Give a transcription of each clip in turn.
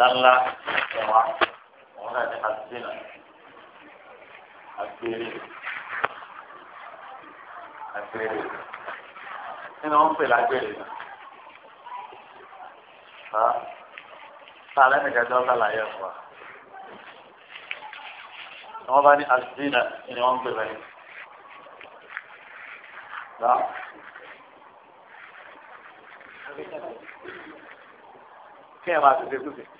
lánlá ẹwà òun náà ní àtìsínà àgbèrè àgbèrè nínú wọn pè lágbèrè náà tá a lẹ́nu ìdájọ́ ọ̀gá làyẹ̀ fún ni wọ́n bá ní àtìsínà ni wọ́n pè bẹ́ẹ̀ náà. Quem é mais?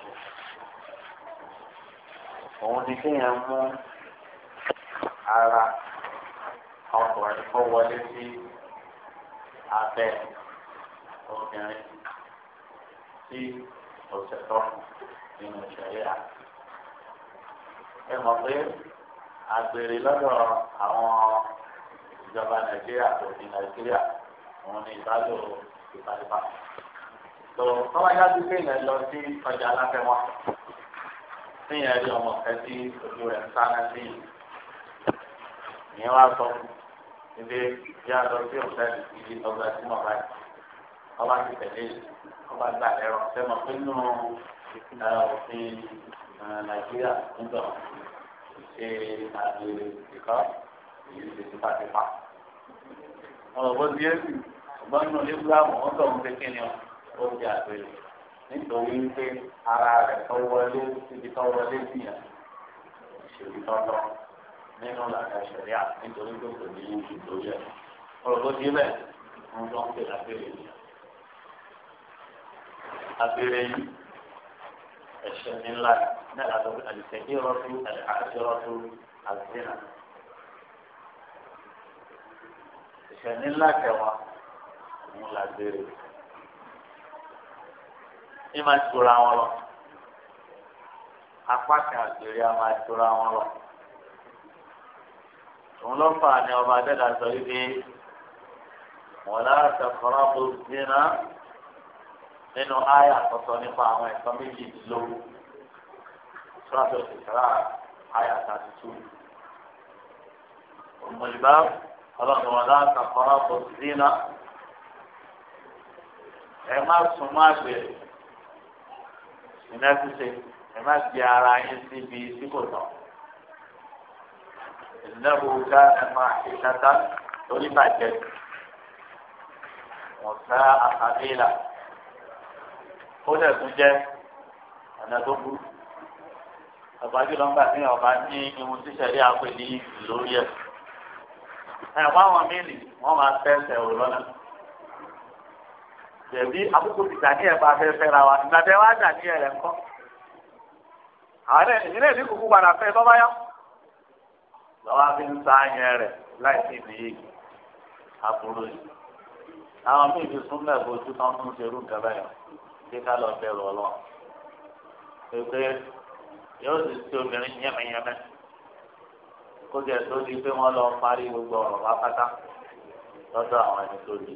òun ni kéèyàn mú ara ọkùnrin kó wọlé sí abẹ́ obìnrin tí òṣèlú nínú ìṣẹ̀lẹ̀ ẹ mọ̀ pé àgbèrè lọ́dọ̀ àwọn ìjọba nàìjíríà tó ní nàìjíríà òun ni ìbálò ìbálòpọ̀ tó tọ́wájú pé ìlẹ̀ lọ sí ọjà aláfẹ́wọ́n téèyàn rí ọmọ kan tí ojú rẹ̀ ń sáná sí yìí ìyẹn wá sọ níbi ìyá lọ sí ọ̀sẹ̀ ìdí ọgbà tí mo bá ọba ti tẹ̀lé e, ọba gbà lẹ́rọ sẹ́mọ̀ pé nínú òfin nàìjíríà nígbà ṣe àgbè ìkọ́ èyí ṣe tipátipá. ọ̀rọ̀ bó ti yé ṣùgbọ́n nínú ilé gbúra wọn sọ̀rọ̀ pé kí ni ó ti àgbèrè. nítorí wípé ara rẹ̀ tó wọlé síbi tó wọlé sí yẹn ìṣèlú tọ́tọ́ nínú làkà ìṣẹ̀lẹ̀ à nítorí pé kò ní ìṣù tó yẹ. ọ̀rọ̀ tó ti bẹ́ẹ̀ ń lọ pé lábẹ́rẹ́ yìí. abẹ́rẹ́ yìí ẹ̀ṣẹ̀ ní ńlá náà látọ̀ pé àdìsẹ́ ìrọ́tú àdìsẹ́rọ́tú àdìsẹ́nà. ẹ̀ṣẹ̀ ní ńlá kẹwàá ń lábẹ́rẹ́ yìí. ní máa tura wọn lọ apá kan àgbèrè a máa tura wọn lọ òun ló fà ní ọba adẹ́dà sọ wípé wọn lára sẹkọrọ bó dínà nínú àyà àkọ́kọ́ nípa àwọn ẹ̀kọ́ méjìdínlógún sọ́dọ̀ ìsìlára àyà tàbí tù òmùlùbá ọlọ́run wọn lára sẹkọrọ bó dínà ẹ má sùn má gbèrè iná ṣíṣe ẹ má fi ara yín síbi tí kò tọ́ ìnáwó ká ẹ máa ṣe ṣáta lórí bàjẹ́ wọ́n sá àkàbílà ó dẹ̀ tún jẹ́ ọ̀nà tó burú àgbájú lọ́ngbà tí ọba ní irun tíṣẹ̀ rí apẹ̀ ní lórí ẹ̀ ẹ̀ wọ́n àwọn mílì wọ́n máa tẹ̀sẹ̀ òun lọ́nà tẹ̀bí àkókò ti dàní ẹ̀ máa fẹ́ fẹ́ra wa ìgbà tẹ́ wá dàní ẹ̀ rẹ̀ ńkọ́. àwọn ẹ̀ ìdílé ní kúkú padà fẹ́ tọ́ bá yá. lọ́wọ́ fi ń sa yẹn rẹ̀ láì sí ìdíyè àbúrò yìí. àwọn míì ti sún mẹ́ bojú tán fún ṣerú nǹkan bẹ́ẹ̀ kí ká lọ bẹ̀ lọ lọ. pépé yóò sì ti obìnrin yẹ́mẹ́yẹ́mẹ́ kó jẹ́ tó di pé wọ́n lọ parí gbogbo ọ̀rọ̀ pátápátá lọ́dọ̀ àwọn ẹni tó di.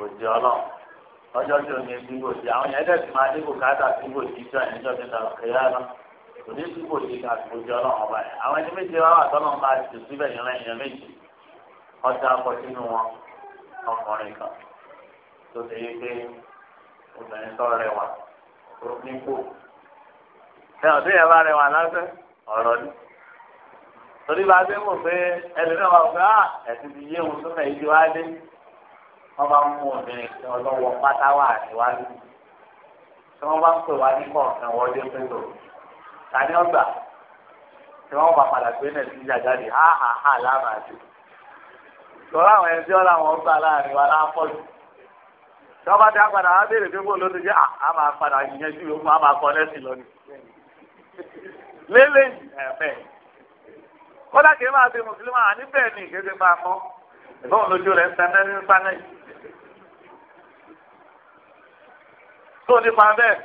kò ọlọ ọjọ ọjọ́ tí o ní ebi kò àwọn yẹn tẹ̀sí máa dé kò káàtà sí kò sí jọ ẹni jọ dị kẹyà náà kò ní sí ká ọba yẹn àwọn ẹni méje wà síbẹ̀ yẹn lẹ́yìn méje akọ sínú wọn ọkùnrin kan tó ṣe yé pé obìnrin tọ́ bá lásán ọ̀rọ̀ ni torí a ṣe mọ̀ pé wọ́n bá mú obìnrin kan lọ́wọ́ pátáwà níwájú tí wọ́n bá ń pè wá ní kọ̀ọ̀kan wọlé pẹ̀lú tani ọgbà tí wọ́n bá padà gbé náà sí jàjáde ha ha ha láàmà jù tọ́lá àwọn ẹni tí wọ́n làwọn gbà láàrin wa láàpọ̀jù tí wọ́n bá dá padà wá béèrè pé bó ló ti jẹ́ à máa padà yẹjú yòókù á máa kọ́ lẹ́sìn lọ́nìí lélẹ́yìn ẹ̀fẹ́ kọ́lá kìí máa ṣe mùsùlùmí àní bẹ́ẹ̀ ni ìkéde máa mọ́ ìbọn lójú rẹ̀ ń tẹ́lẹ̀ ní sánẹ́yìn. tó nípa bẹ́ẹ̀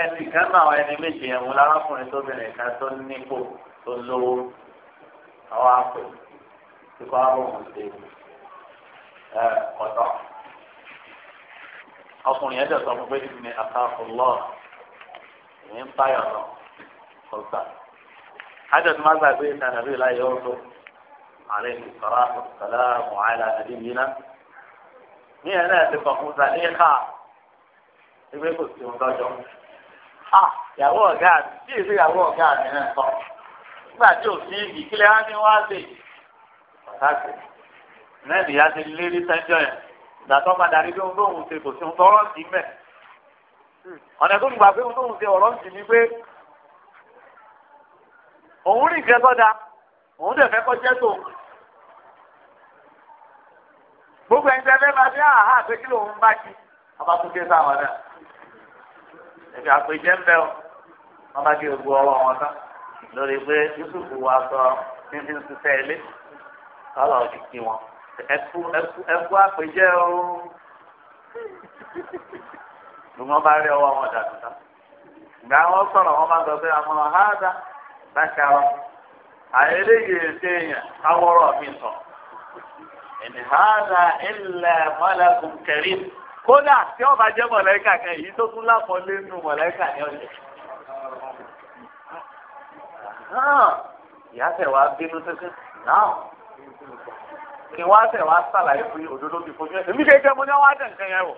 ẹnì kan náà àwọn ẹni méjì yẹn wọn lárakùnrin tó bẹ̀rẹ̀ ká tó nípò tó lówó àwọn àpò tí kò àwọn òun ṣe ẹ ọ̀tọ̀ ọkùnrin yẹn dẹ̀ sọ fún pé ní àtàkùn lọ́ọ̀ ìyẹn báyọ̀ lọ kọ̀ọ̀tà àjọ tí gbàgbé ìtàn àbí ìlà yọ̀ tó àlẹ́ ìsọ̀rọ̀ àtàlámù àìlà àdébìyàn náà ní ẹ̀ náà ti fọ̀kùn sàlíhà ìwé kò sí ohun tọ́jọ́. à ìyàwó ọ̀gá mi bí èsì ìyàwó ọ̀gá mi náà sọ nígbà tí òfin ìdí kílẹ̀ á ní wá sí ọ̀tàkì náà nìyá ti lérí sẹ́jọ́ yẹn ìgbà padà rí bí ohun tó ṣe kò sí ohun tọ́rọ̀ sí mẹ́. ọ̀nà tó gbà pé ohun tó ṣe ọ̀rọ̀ sí ni pé òun rí ìkẹ́kọ̀ọ́ da òun dẹ̀ fẹ́ kọ́ jẹ́ tòun. gbogbo ẹni tẹ́lẹ̀ bá bí àhá ah, ah, pé kí lòun bá jí ọba tó ké sáwọn náà àpèjẹ́ ọ wọn bá gé gbogbo ọwọ́ wọn tán lórí pé Yusuf wa sọ fífi ń ṣiṣẹ́ ilé kọ́lọ̀ ti wọn ẹkú àpèjẹ́ o lùmọ́ bá rí ọwọ́ wọn dàtú tán ìgbà wọn sọ̀rọ̀ wọn ìnìhàdà ilẹ̀ mọ́lẹ́kùn kẹrin kódà tí ọba jẹ́ mọ̀lẹ́kà kan èyí tó tún lápọ̀lé nù mọ̀lẹ́kà ni ọ̀jẹ̀. ìyá tẹ̀ wá bínú tẹ́tẹ́ náà kí wọ́n á tẹ̀ wá sàlàyé fún òdodo bí fojú ẹ̀ èmi kékeré mo ní wọ́n á tẹ̀ nǹkan yẹn wò.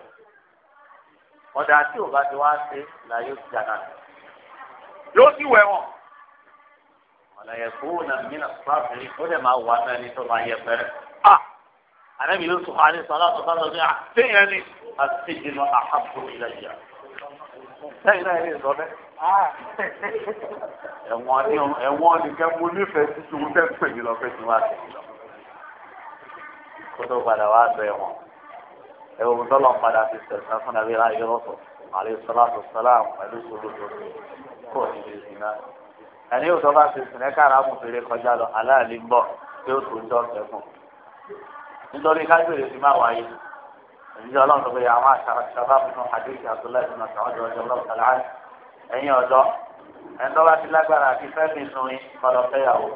ọ̀dà tí ò bá ti wá ṣe là yóò ti jàdá yóò sì wẹ̀ wọ̀n. ọ̀làyẹ̀kú náà mí náà fún àbẹ̀rẹ̀ ó dẹ̀ máa wà àrẹ́bí ló sùn àní sọ̀rọ̀ àtọ̀tọ̀ lọ́dún yà téèyàn ni àti ìdìbò àhàbò ìlàjà. lẹ́yìn náà yẹn sọ bẹ́ẹ̀. ẹ̀wọ̀n ni ẹ̀wọ̀n ni kẹ́ mo nífẹ̀ẹ́ sí ju tẹ́ pè mí lọ fẹ́ tí wọ́n á tẹ̀ mí lọ. kótó padà wá bẹ̀ wọn ẹ̀wọ̀n tọ́lọ̀ padà ti sẹ̀sán fún abẹ́ láyé lọ́sọ̀ àlẹ́ sọ́láàtù sọ́láàmù pẹ̀lú sọ́lọ́dọ̀ kò ní lè sìn náà. ẹni yóò tọ́ bá ti sìn ẹ́ káàrà mú nítorí kájúwèrè ti máa wáyé ìdíje ọlọ́run tó fi àwọn àṣàrà ṣàbá fún àdéhùn àtúnlẹ̀ ìdùnnà ṣàwọn ọjọ́ ọjọ́ ọlọ́run kàlá ẹ̀yìn ọ̀dọ́ ẹ̀ńtọ́ bá ti lágbára àti fẹ́mi sun yín kọlọ fẹ́yàwó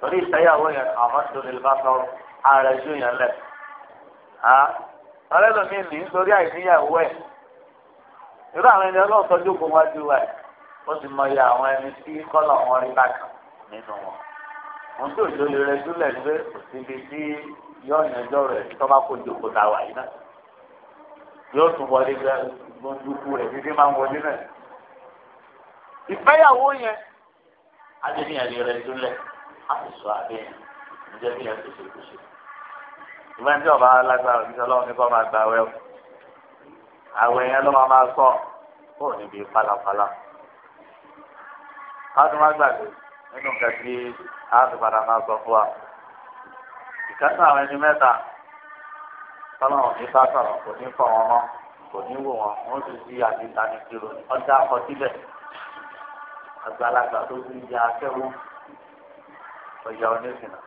torí ìfẹ́yàwó yẹn àwọn tó lè bá sọ ààrẹ ju yẹn lẹ̀ ọ̀rẹ́ lómi ní nítorí àìníyàwó ẹ̀ irú àwọn ẹni ọlọ́run tọ́jú kó wájú wa ẹ̀ ó sì mọ iye àwọn ẹni tí kọ́lọ̀ wọn rí bákan nínú wọn. mo ń tó ìjọ yóò yanjọ rẹ̀ tọ́ba kò jòkó ta wà yìí náà yóò tún wọlé gbẹ lójúkú rẹ̀ títí máa ń wọlé náà. ìfẹ́yàwó yẹn adéníyàn lè rẹ dúnlẹ̀ á sì sọ àbẹ́yẹn ǹjẹ́ bí yẹn tó ṣe kó ṣe. ìwé ní ọba alágbára ní ọlọ́run ní kọ́ máa gba awẹ́ o àwẹ̀ yẹn ló máa máa sọ kó níbi pálapàla. ká tó gbàgbé nínú kẹsì á padà máa sọ fún wa ìkẹ́sà àwọn ẹni mẹ́ta tọ́lọ́wọ́n ní bá kò ní fọ wọn mọ́ kò ní wò wọn wọ́n sì di àdìta ní kiro ọjà kọ àgbàlagbà tó ti di akẹ́wọ́ ọ̀yà onísìnà.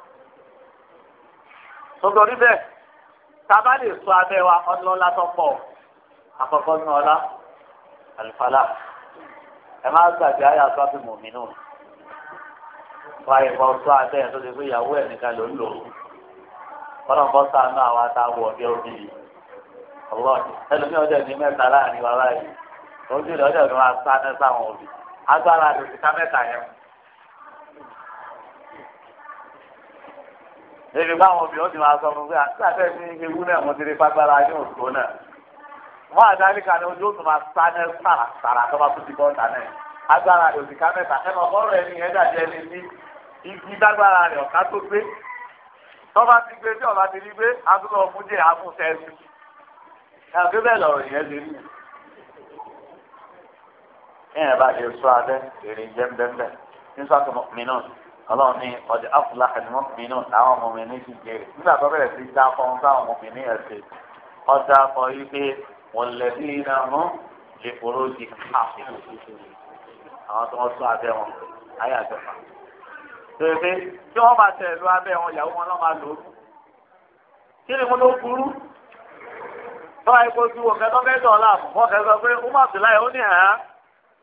sọ̀tọ̀ níbẹ̀ tábà lè sọ abẹ́ wa ọlọ́lá tó pọ̀ àkọ́kọ́ ní ọlá àlùfàlà ẹ má gbàgbé àyà sábì mọ̀mí náà wáyé kọ́ sọ abẹ́ yẹn tó ti pé ìyàwó ẹ̀ nìkan ló ń lò ó. kọ́nà bọ́ sànú àwọn àtàwọ̀ ọ̀bẹ òbí yìí ọ̀rọ̀ ẹlòmíì dị ìní mẹ́ta láàrin wa báyìí ojú ìlú ọjọ́ ìlú wa sáré sáwọn òbí agbára àti mẹ́ta yẹn. èmi báwọn ó ti máa sọ fún mi àti ewu náà mo ti rí ní náà àdáni kan ní ojú ó tún máa tó bá tún ti bọ́ ọ̀tá náà agbára mẹ́ta tọ́ba ti gbé tí ọba ti rí gbé adúlọ̀ ọ̀fúnjẹ àfúnṣẹ́sì ẹ̀ẹ́dẹ́ bẹ́ẹ̀ lọ̀rọ̀ yẹn ti rí. ẹ̀yìn bá ṣe sọ abẹ́ èrè jẹ́ bẹ́ẹ̀ nísàtò mọ̀mìnà ọlọ́run ní ọjà áfúlá ẹ̀dínwó mọ̀mìnà àwọn ọmọ mi ní ti jèrè nígbà tó bẹ̀rẹ̀ sí dá fọ́n fáwọn ọmọ mi ní ẹ̀sẹ̀ ọjà kọ yìí pé iná mú lè foró di káàkiri àwọn tó wọ́n sọ abẹ́ wọn ayé àjọpá tètè tí wọ́n bá tẹ̀ lu abẹ́ wọn ìyàwó wọn náà máa lò ó. kí ni mo ló burú? tọ́wọ́ epo ju òkè tó fẹ́ dọ̀ọ́lá wọ́n kẹ́ sọ pé ó má sì láyé ó ní àá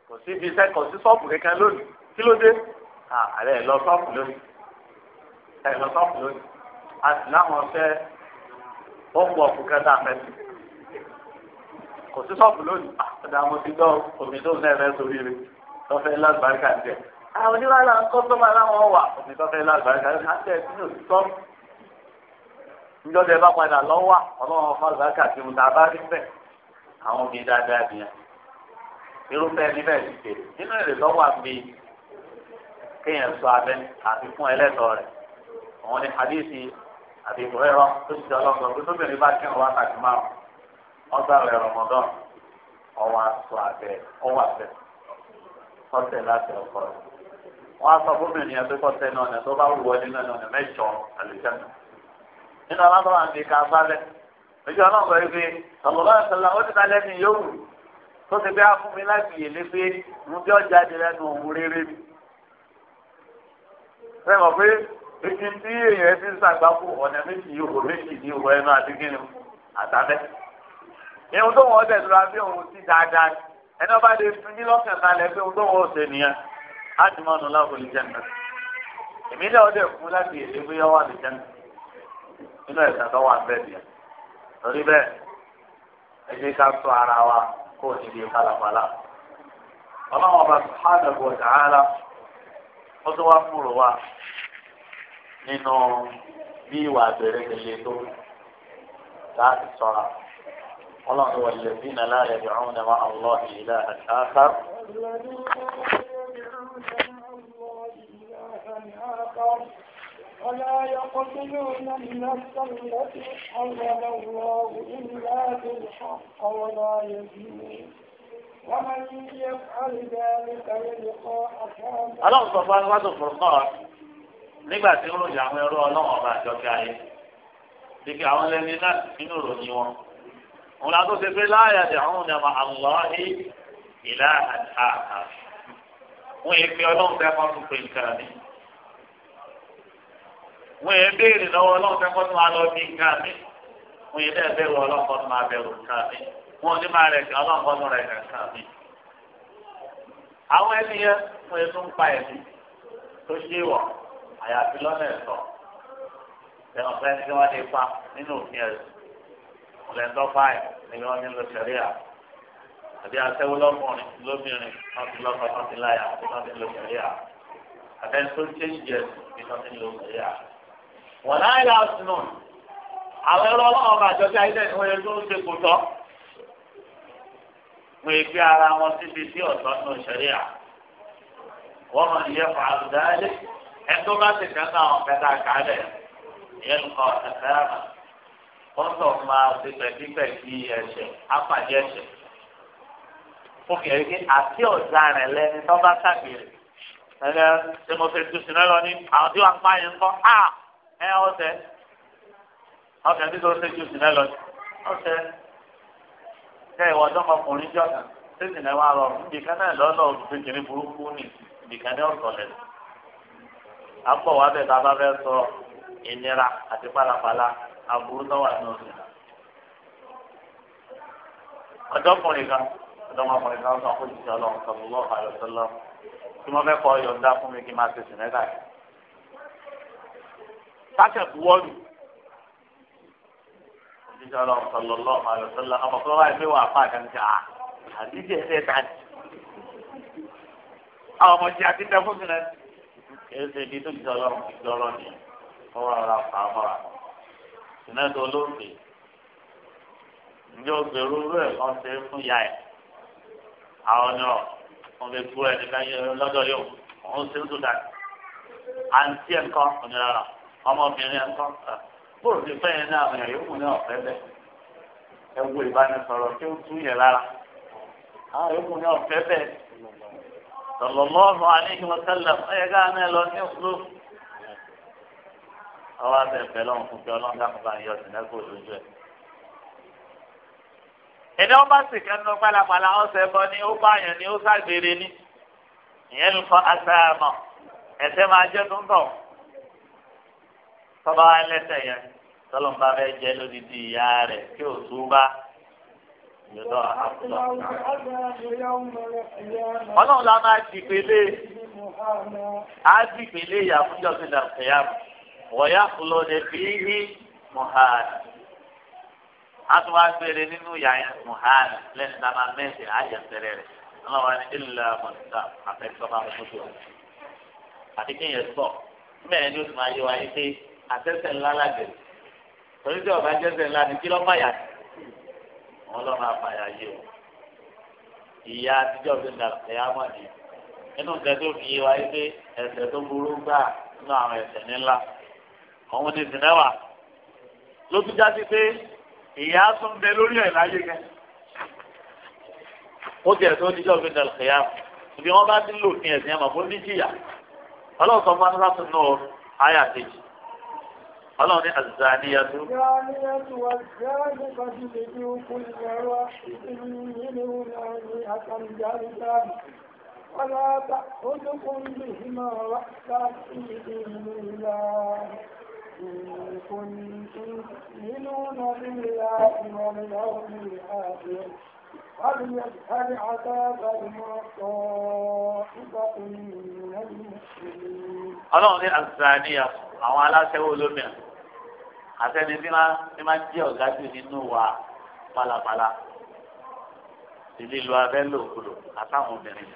kò sí ibi iṣẹ́ kò sí ṣọ́ọ̀bù kankan lónìí kí ló dé? ààrẹ lọ ṣọ́ọ̀bù lónìí ẹ̀ lọ ṣọ́ọ̀bù lónìí a sì láwọn fẹ́ ó pọ̀ kẹta fẹ́sì kò sí ṣọ́ọ̀bù lónìí àti àwọn ti gbọ́ omi tó ń náà fẹ́ sórí rẹ̀ tó lágbàá kà jẹ́ àwọn oníwàlà ń kọ́ tó máa láwọn wà òbí tó fẹ́ lágbàáyé àti ẹ̀sìn òtítọ́ níjọ́ tẹ bá padà lọ́wọ́ ọlọ́run ọ̀fọ̀ àgbàkà tí mo ta bá rí bẹ́ẹ̀ àwọn obìnrin dáadáa nìyẹn irúfẹ́ níbẹ̀ ti tè nínú èrè lọ́wọ́ àmì kéèyàn sọ abẹ́ àti fún ẹlẹ́tọ̀ rẹ̀ àwọn ní hadithi àti ìwé tó ti dọ́lọ́ sọ pé tóbìnrin bá kí ọwọ́ wọn á sọ fún mi nìyẹn pé kọ́sẹ́ náà ọ̀nà tó bá wù wọlé náà ọ̀nà mẹ́jọ àlùjáde nínú alábọ̀ àti ìka abálẹ̀ ojú ọlọ́run sọ pé ọ̀pọ̀lọpọ̀ ìṣẹ̀lẹ̀ ó ti kalẹ̀ ní yòówù tó ti bẹ́ fún mi láti yè lé pé mo bí ọjà di lẹ́nu òun rere mi. ṣé mo pé ibi tí èèyàn ti ń ṣàgbákò ọ̀nà méjì yòówù méjì ní òwò ẹnu àti kíni àtàbẹ́. ìhun tó wọ́n ọ̀dẹ̀ tó ra bí òun ti dáadáa ẹni ọba lè fi ní lọ́kàn kalẹ̀ pé òun tó wọ́n ọ̀sẹ̀ nìyẹn. adumanu lahu aljanna èmi náà ọdẹ fún láti èdè bóyá wà ní jẹun nínú ẹ̀sán tó wà bẹ́ẹ̀ bíi torí bẹ́ẹ̀ ẹ ká sọ ara wa kó o níbi ìfàlàfàlà ó tó wá wa nínú bí ìwà àbẹ̀rẹ̀ tó láti sọ̀ra مع الله إلها آخر ولا يقتلون النفس التي حرم الله إلا بالحق ولا يزنون ومن يفعل ذلك يلقى عذابا الله سبحانه وتعالى nígbà tí ó ròyìn àwọn ẹrú ọlọ́wọ́n ọba àjọkẹ́ ayé bíkẹ́ àwọn ẹni náà nínú ìròyìn wọn. òun la tó ṣe pé láàyè àti àwọn ọ̀nà àmọ́ àmọ́ ní ìlà àti àkàtà wọn yẹ fi ọlọ́run tẹ kọ́ tún pé nǹkan mi wọn yẹ béèrè lọ́wọ́ ọlọ́run tẹ kọ́ tún máa lọ bí nǹkan mi wọn yẹ bẹ́ẹ̀ bẹ́ẹ̀ wọ ọlọ́run kọ́ tún máa bẹ̀rù nǹkan mi wọn ní máa rẹ̀ kí ọlọ́run kọ́ tún rẹ̀ nǹkan mi. àwọn ẹni yẹn wọn yẹ tún pa ẹ̀mí tó ṣe wọ̀ àyàfi lọ́nà ẹ̀sọ́ ẹ̀wọ̀n fẹ́ni tí wọ́n lè pa nínú òfin ẹ̀sìn ọ̀lẹ́ńdọ́fà ẹ̀ ni wọ́n ní lọ sẹ́ríà àbí aṣẹ́wó lọ́kùnrin lómìnrin láti lọ́kọ̀ láti láyà láti lọ sẹ̀ríà àbẹ́ni tó ṣe ń jẹ ní láti lọ sẹ̀ríà. wọ́n náà yà sínú àwọn ẹ̀rọ ọlọ́run bá jọ bí ayélujára ni wọ́n yẹ kó ṣe kò tọ́. wọ́n ègbé ara wọn síbi sí ọ̀tọ̀ nù sẹ̀ríà. wọ́n mọ̀ iye fà á dáadé ẹ̀tọ́ bá ti kẹ́kẹ́ àwọn kẹta kálẹ̀ ìyẹn kọ́ ẹ̀fẹ́ àmà ó fi ẹ̀rí pé àti ọ̀daràn lẹni tó bá ṣàgbèrè ẹ̀rẹ́ ṣe mo fẹ́ tu sinú lọ ní àwọn tí wọ́n pa yẹn ń kọ́ á ẹ ọ̀sẹ̀ ọ̀sẹ̀ tí tó ṣe tu sinú lọ ní ọ̀sẹ̀ ṣe ìwọ ọ̀dọ́mọkùnrin jọ̀dá ṣé sinú wa rọ ibìkan náà lọ́nà òṣèkèrè burúkú ní ibìkan náà ọ̀sọ̀lẹ̀ àpọ̀ wà bẹ̀ tá a bá fẹ́ sọ ìnira àti pálapàla aburú náà wà ní ọ̀sẹ̀ ọ̀dọ́kùnrin kan ọ̀dọ́mọkùnrin kan sọ fún ìṣẹ́ ọlọ́run sọ̀rọ̀ lọ́wọ́ àyọ̀sọ́lọ́ tí wọ́n fẹ́ kọ́ yọ̀ǹda fún mi kí n máa ṣe sìn mẹ́ta yìí. sáṣẹ̀ buwọ́lù ìṣẹ́ ọlọ́run sọ̀rọ̀ lọ́wọ́ àyọ̀sọ́lọ́ ọmọkùnrin wa ẹgbẹ́ wà fáà kan jà àdíjẹ́ ẹ̀ tàdí. àwọn ọmọ jẹ́ àti tẹ́fún mi náà kìí ṣe ibi tó ìṣẹ́ ọlọ́run ti gbọ́rọ̀ ni ọ̀rọ̀ ọ̀rọ̀ àwọn náà wọn bẹ gbó ẹni láyé lọ́dọ̀ yóò wọn ṣe ń dùn dàní àǹtí ẹ̀ ńkọ́ òníràrà ọmọbìnrin ẹ̀ ńkọ́ bóòlù ti fẹ́ yẹn náà àwọn yòókù náà fẹ́ bẹ́ẹ̀ ẹ wo ìbánisọ̀rọ̀ tí ó tú yẹn lára àwọn yòókù náà fẹ́ bẹ́ẹ̀ sallallahu alaihi wa sallam ẹ̀yẹ ká náà lọ ní òkúrò ọwọ́ abẹ́ ìfẹ́ lọ́wọ́ fún kí ọlọ́run dákùnbá yọ ọ̀sìn lẹ́kọ̀ọ́ lójú ẹ̀ ẹni ọba sì kẹnu pálapàla ọsẹ bọ ni ó báyàn ni ó ságbére ni ìyẹn ń fọ asáàmọ ẹsẹ máa jẹ tó ń tọ tọba ẹlẹsẹ yẹn tọlọmọba bẹ jẹ lódìdí ìyá rẹ kí o túbà yọdọ àkùtọ. ọlọ́run la máa dìpele á dìpele ìyàfúnjọ́sìn dàpẹ̀yàmù wọ̀nyá kúlọ̀ ní bíi mọ̀hánì àtúwà gbére nínú ìyá yẹn muhana lẹ́nu tá a máa mẹ́sẹ̀ àyẹ̀ fẹ́rẹ́ rẹ̀ ọlọ́wọ́ ni ilẹ̀ mọ̀tà àfẹ́sọ́ máa mú tó àti kí yẹn sọ mẹ́rin ni ó sì máa yọ pé àtẹ́sẹ̀ ńlá lágbèrè torí tí ọba jẹ́sẹ̀ ńlá ni kí lọ́ fàyà wọn lọ́ máa fàyà yé o ìyá àtijọ́ fi nà ẹ̀yà mọ̀ nínú nǹkan tó fi yé wáyé pé ẹ̀ṣẹ̀ tó burú gbà nínú àwọn ẹ̀ṣẹ̀ ńlá òun ni sìnẹ́wà ló tún já sí pé ìyá tó ń bẹ lórí ẹ̀ láyé gẹ. ó tiẹ̀ tó níjọ́ fi dàlù kìyà ibi wọn bá ti lò ní ẹ̀sìn ẹ̀mọ̀ fún níjìyà ọlọ́run sọ fún anúfàtún náà àyà kejì ọlọ́run ní àzàníyàtú. ولا تأخذكم بهما رأفة في دين الله كنتم تؤمنون بالله واليوم الآخر فليشهد عذاب طائفة من المسلمين. Ọlọ́run ní Azaniya àwọn aláṣẹwó olómìnira àtẹni tí máa tí máa jẹ́ ọ̀gá jù nínú wa pálapàla ìlú abẹ́ lòkulò àtàwọn obìnrin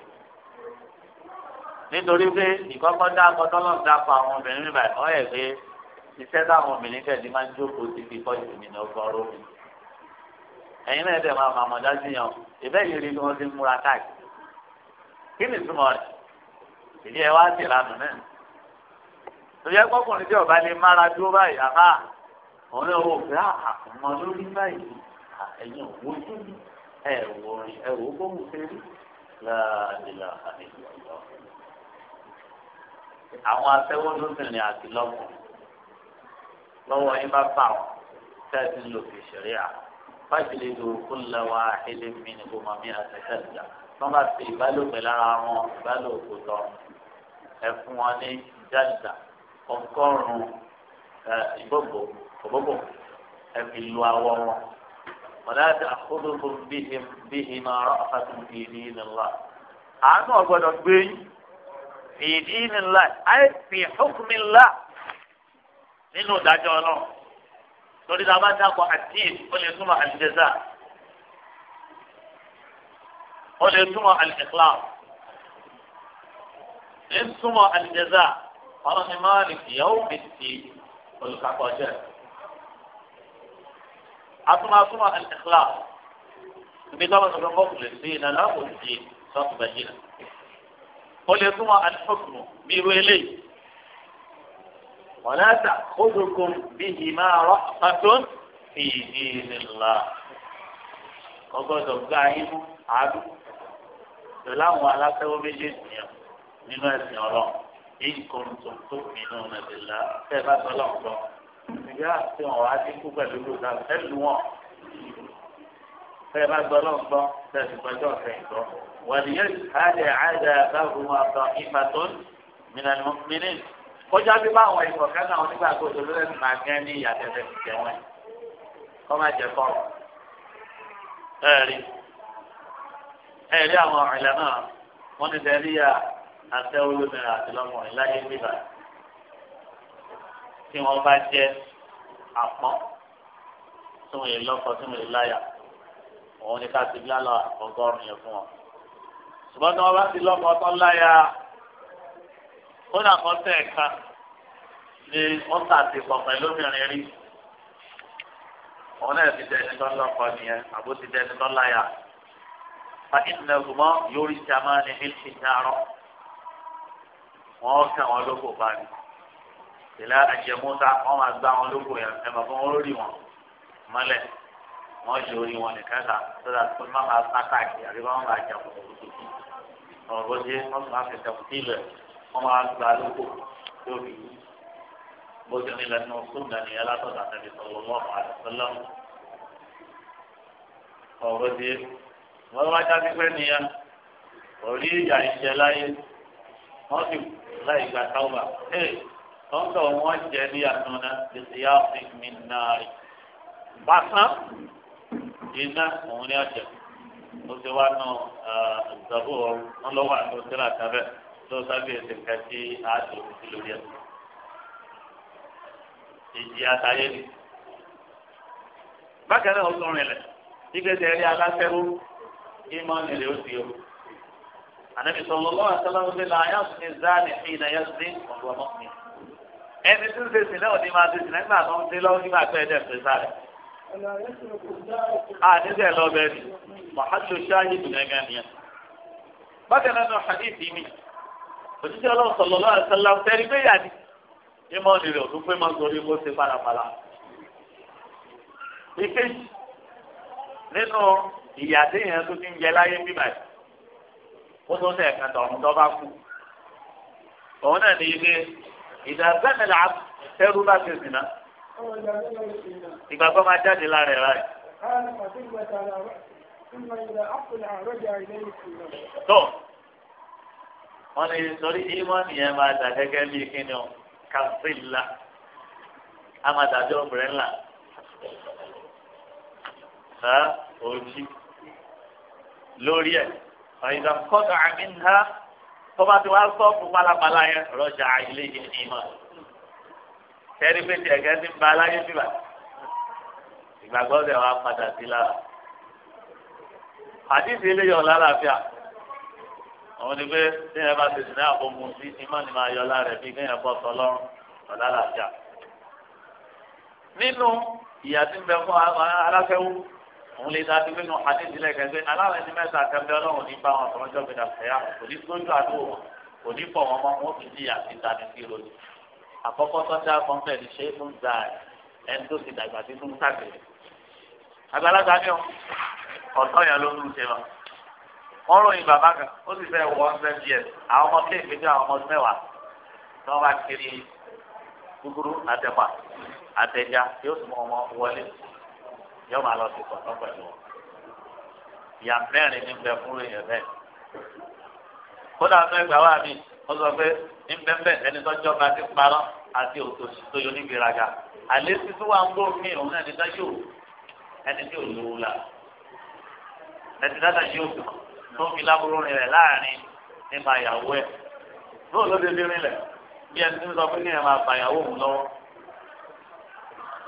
nítorí pé ìkọ́kọ́ dá akọ́tọ́lọ́ dápọ̀ àwọn obìnrin báyìí ọ̀yẹ̀ pé iṣẹ́ táwọn obìnrin tẹ̀lé máa ń jókòó sí fífọ́ ìsinmi ní ọgbọ́n rómi. ẹ̀yin náà dẹ̀ máa màmọ́ dájú yàn ìbẹ́ yìí rí bí wọ́n ti ń múra káàkiri. kí ni ìtumọ̀ rẹ̀? ìdí ẹ wá sí ìlànà náà. ìyá ẹgbọ́kùnrin tí ọba lè mára dúró báyìí àká òun náà wò pé àmọ́ ah, ah, lórí báyìí ẹ̀yin òwò ojú ẹ̀ wò ẹ̀ wò bóun láàdìlà àdìlà àwọn aṣẹ́wó àti lọ́kùnrin lọ́wọ́ yín bá bà ọ́ tẹ́ẹ̀tì ń lò fi ṣẹ̀rí à fáṣílẹ̀ ló kún lẹ́wọ̀ àhílẹ̀ mi ní kó máa mi àtẹ̀tẹ̀ ìjà wọ́n bá fi ìbálòpẹ̀ lára wọn ìbálòpọ̀ lọ ẹ fún wọn ní jáde ọgọ́rùn-ún ìbọ̀bọ̀ ọ̀bọ̀bọ̀ ẹ fi lu awọ wọn. ولا تأخذكم بهم بهما رأفة في دين الله àánú ọgbọ́dọ̀ gbé yín في دين الله أي في حكم الله nínú ìdájọ́ náà torí ta bá dàpọ̀ àdìs ó lè túmọ̀ àlìjẹsà ó lè túmọ̀ àlìkìláàmù ní túmọ̀ àlìjẹsà ọlọ́ni máa lè yẹ̀wò bìtì olùkàkọ́jẹ́ atúmọ̀túmọ̀ àlìkìláàmù ibi táwọn sọ̀rọ̀ mọ́kù lè sí iná láwùjọ sọ́tù bẹ̀yìn ó lè túmọ̀ àlìkìláàmù bí irú eléyìí. ولا تأخذكم بهما رأفة في دين الله ọgọ́dọ̀ gbá imú àádú pẹ̀lú àwọn aláṣẹwọ́ méjèèjì yẹn nínú ẹ̀sìn ọlọ́run èyí kò ń tó tó nínú nàìjíríà tẹ́ ẹ bá sọ lọ́wọ́ lọ. ìyá àti ọ̀rọ̀ adínkù pẹ̀lú lóòótọ́ ẹ̀lú wọn tẹ́ bá gbọ́ lọ́wọ́ gbọ́ tẹ́ gbọ́jọ́ ọ̀sẹ̀ ìgbọ́. wàlíyé àdè àdè àbáwò àtọ̀ ìfàtọ́ mìíràn mìíràn kọjá bí báwọn ìkọ̀kẹ́ náà nígbà tó tó lórí ẹ̀sìn máa gẹ́ ní ìyàtẹ̀tẹ̀ ti jẹ wọn kọ́ máa jẹ kọ́ ẹ̀rí ẹ̀rí àwọn ọ̀rẹ́lẹ̀ náà wọ́n ti tẹ̀lé yà àtẹ olómìnira àti lọ́mọrin láyé nígbà tí wọ́n bá jẹ́ àpọ́n tí wọ́n lè lọ́kọ tí wọ́n lè láyà òun ni ká ti bí lálọ́ ọgọ́rùn-ún yẹn fún wọn ṣùgbọ́n tí wọ́n bá ti lọ́kọ tán láyà kódà kọ́tẹ́ ẹ̀ka ni wọ́n tà sí pọ̀ pẹ̀lú obìnrin rí òun náà ti dẹni tọ́lọ́kọ nìyẹn àbó ti dẹni tọ́láyà fa ìdìnnàgùnmọ́ yóò rí jama ní mílíkì dárọ́ wọ́n kà wọ́n lóko báyìí ìlà àjẹmúta wọ́n máa gbá wọn lóko yẹn ẹ̀ bàbá wọn lórí wọn mọ́lẹ̀ wọ́n yọ orí wọn nìkan kà sódà tó má máa sákàkì àbí wọ́n máa jà kòkòrò tuntun ọ̀rọ̀ bó ṣe wọ́n máa wọ́n máa gba lóko lórí bójú nílẹ̀ nínú súnà ní alátọ̀dà tẹ̀lé sọ̀rọ̀ lọ́wọ́ àdìsọ́lá ọ̀rọ̀ di wọ́n wá jáde pé nìyẹn orí ìyá ìṣẹ́ láyé wọ́n sì láì gba táwọn tọ́ńtọ̀ wọn jẹ ní àtúnná lèsì yá fi mí náà rí bàtán iná òun ni ọ̀jẹ̀ ó ti wá nù ọ̀dọ́gbò ọ̀rùn wọn lọ́wọ́ àti òṣèlú àtàbẹ̀ tó sábìyèsí nǹkan tí a tó fi lórí ẹ̀. ìjì àtàyè ni. bákan náà ó tún rìn lẹ̀ ìgbésẹ̀ rí aláṣẹ́wó ìmọ̀ nílé ó ti o. ànábì sọ̀rọ̀ lọ́wọ́ àtàláwọ̀ ní la yá sí záàlì fún iná yá sí ọ̀dọ̀ ọmọ mi. ẹni tí ń ṣe sílẹ̀ òní máa ṣe sílẹ̀ nígbà tó ń ṣe lọ́wọ́ nígbà tó ẹ̀dẹ̀ pé sáré. àdéhùn lọ bẹ́ẹ̀ ni mọ̀hájú ṣáà yìí bùnẹ́gàn nìyẹn. bákan náà òṣìṣẹ́ ọlọ́run sọ̀lọ́ lọ́wọ́ àṣàlá fẹ́rí péyà ni ìmọ̀ nìrẹ̀ òtún pé máa ń sọ orígbó ṣe pàlàpàlà. ìkejì nínú ìyá téèyàn tó ti ń jẹ láyé bíbà yìí kó tó tẹ̀ ẹ̀kan tọ̀hún tó bá kú. òun náà ní ilé ìdàgbẹ́ni là ẹrú bá ti sìn náà. ìgbàgbọ́ máa jáde lára ẹ̀ láì. tó wọn lè sọrí ìmọ̀nì yẹn máa dà gẹ́gẹ́ bíi kíni o kàfíìlà á máa dàbí ọ̀bùrẹ́là ẹ òjì lórí ẹ ọ̀yìnbá kọ́tà àmìnà tó bá ti wá sọ́ọ̀bù pálapàla yẹn rọ́jà ilé yẹn ìmọ̀ sẹ́ni pé tí ẹ̀gẹ́ ti ń ba aláyé bíbà ìgbàgbọ́ rẹ̀ wá padà sí lára àdìsí eléyọ̀ lálàáfíà àwọn ni pé bí ẹ bá ti sìn náà kó mu sí imọ́ ni máa yọ lára bí kéèyàn bọ́ sọ lọ́rùn ọ̀la làjà. nínú ìyá tí ń bẹ fún aláfẹ́wù òun lè dájú pé nù hadith lẹ́kẹ̀ẹ́ pé aláwọ̀ ẹni mẹ́ta kẹ́mbẹ́ ọlọ́run ní bá wọn sọ̀rọ̀ jọ́ gbẹdà fẹ́yà kò ní sójú àdó wọn kò ní fọ̀ wọn mọ́ wọn fi di àtìta ní sí ìròyìn. àkọ́kọ́ sọ́jà kọ́ńpẹ́ ní ṣe é fún zaa ẹni tó ti dàgbà sí fún sàgbèrè. àgbàlagbà ni ọ̀tọ̀ yẹn ló ń lù ṣe wọn wọ́n ròyìn bàbá kan ó sì fẹ́ wọ hundred years àwọn ọmọ kéèké bí àwọn ọmọ mẹ́wàá tí wọ́n bá kiri gbúgbúrú àtẹ̀pà àtẹ̀já yóò sì mọ ọmọ wọlé yóò máa lọ sí pàtó pẹ̀lú wọn. ìyá mẹ́rin ní bẹ fún èèyàn bẹ́ẹ̀. kódà fẹ́ gbà wá mi ó sọ pé ní bẹ́ẹ̀ ẹni tó jọba ti parọ́ àti òtòṣì tó yọ níbi ìraga. àlẹ́ tuntun wa ń gbó mi òun náà ní ẹni tí ò ẹni dáadáa yóò fi tó fi lábúrò rìn rẹ̀ láàrin nípa ìyàwó ẹ̀ lóò ló dé lérin lẹ̀ bí ẹni tó ń sọ pé ní ẹ̀ máa fa ìyàwó òun lọ́wọ́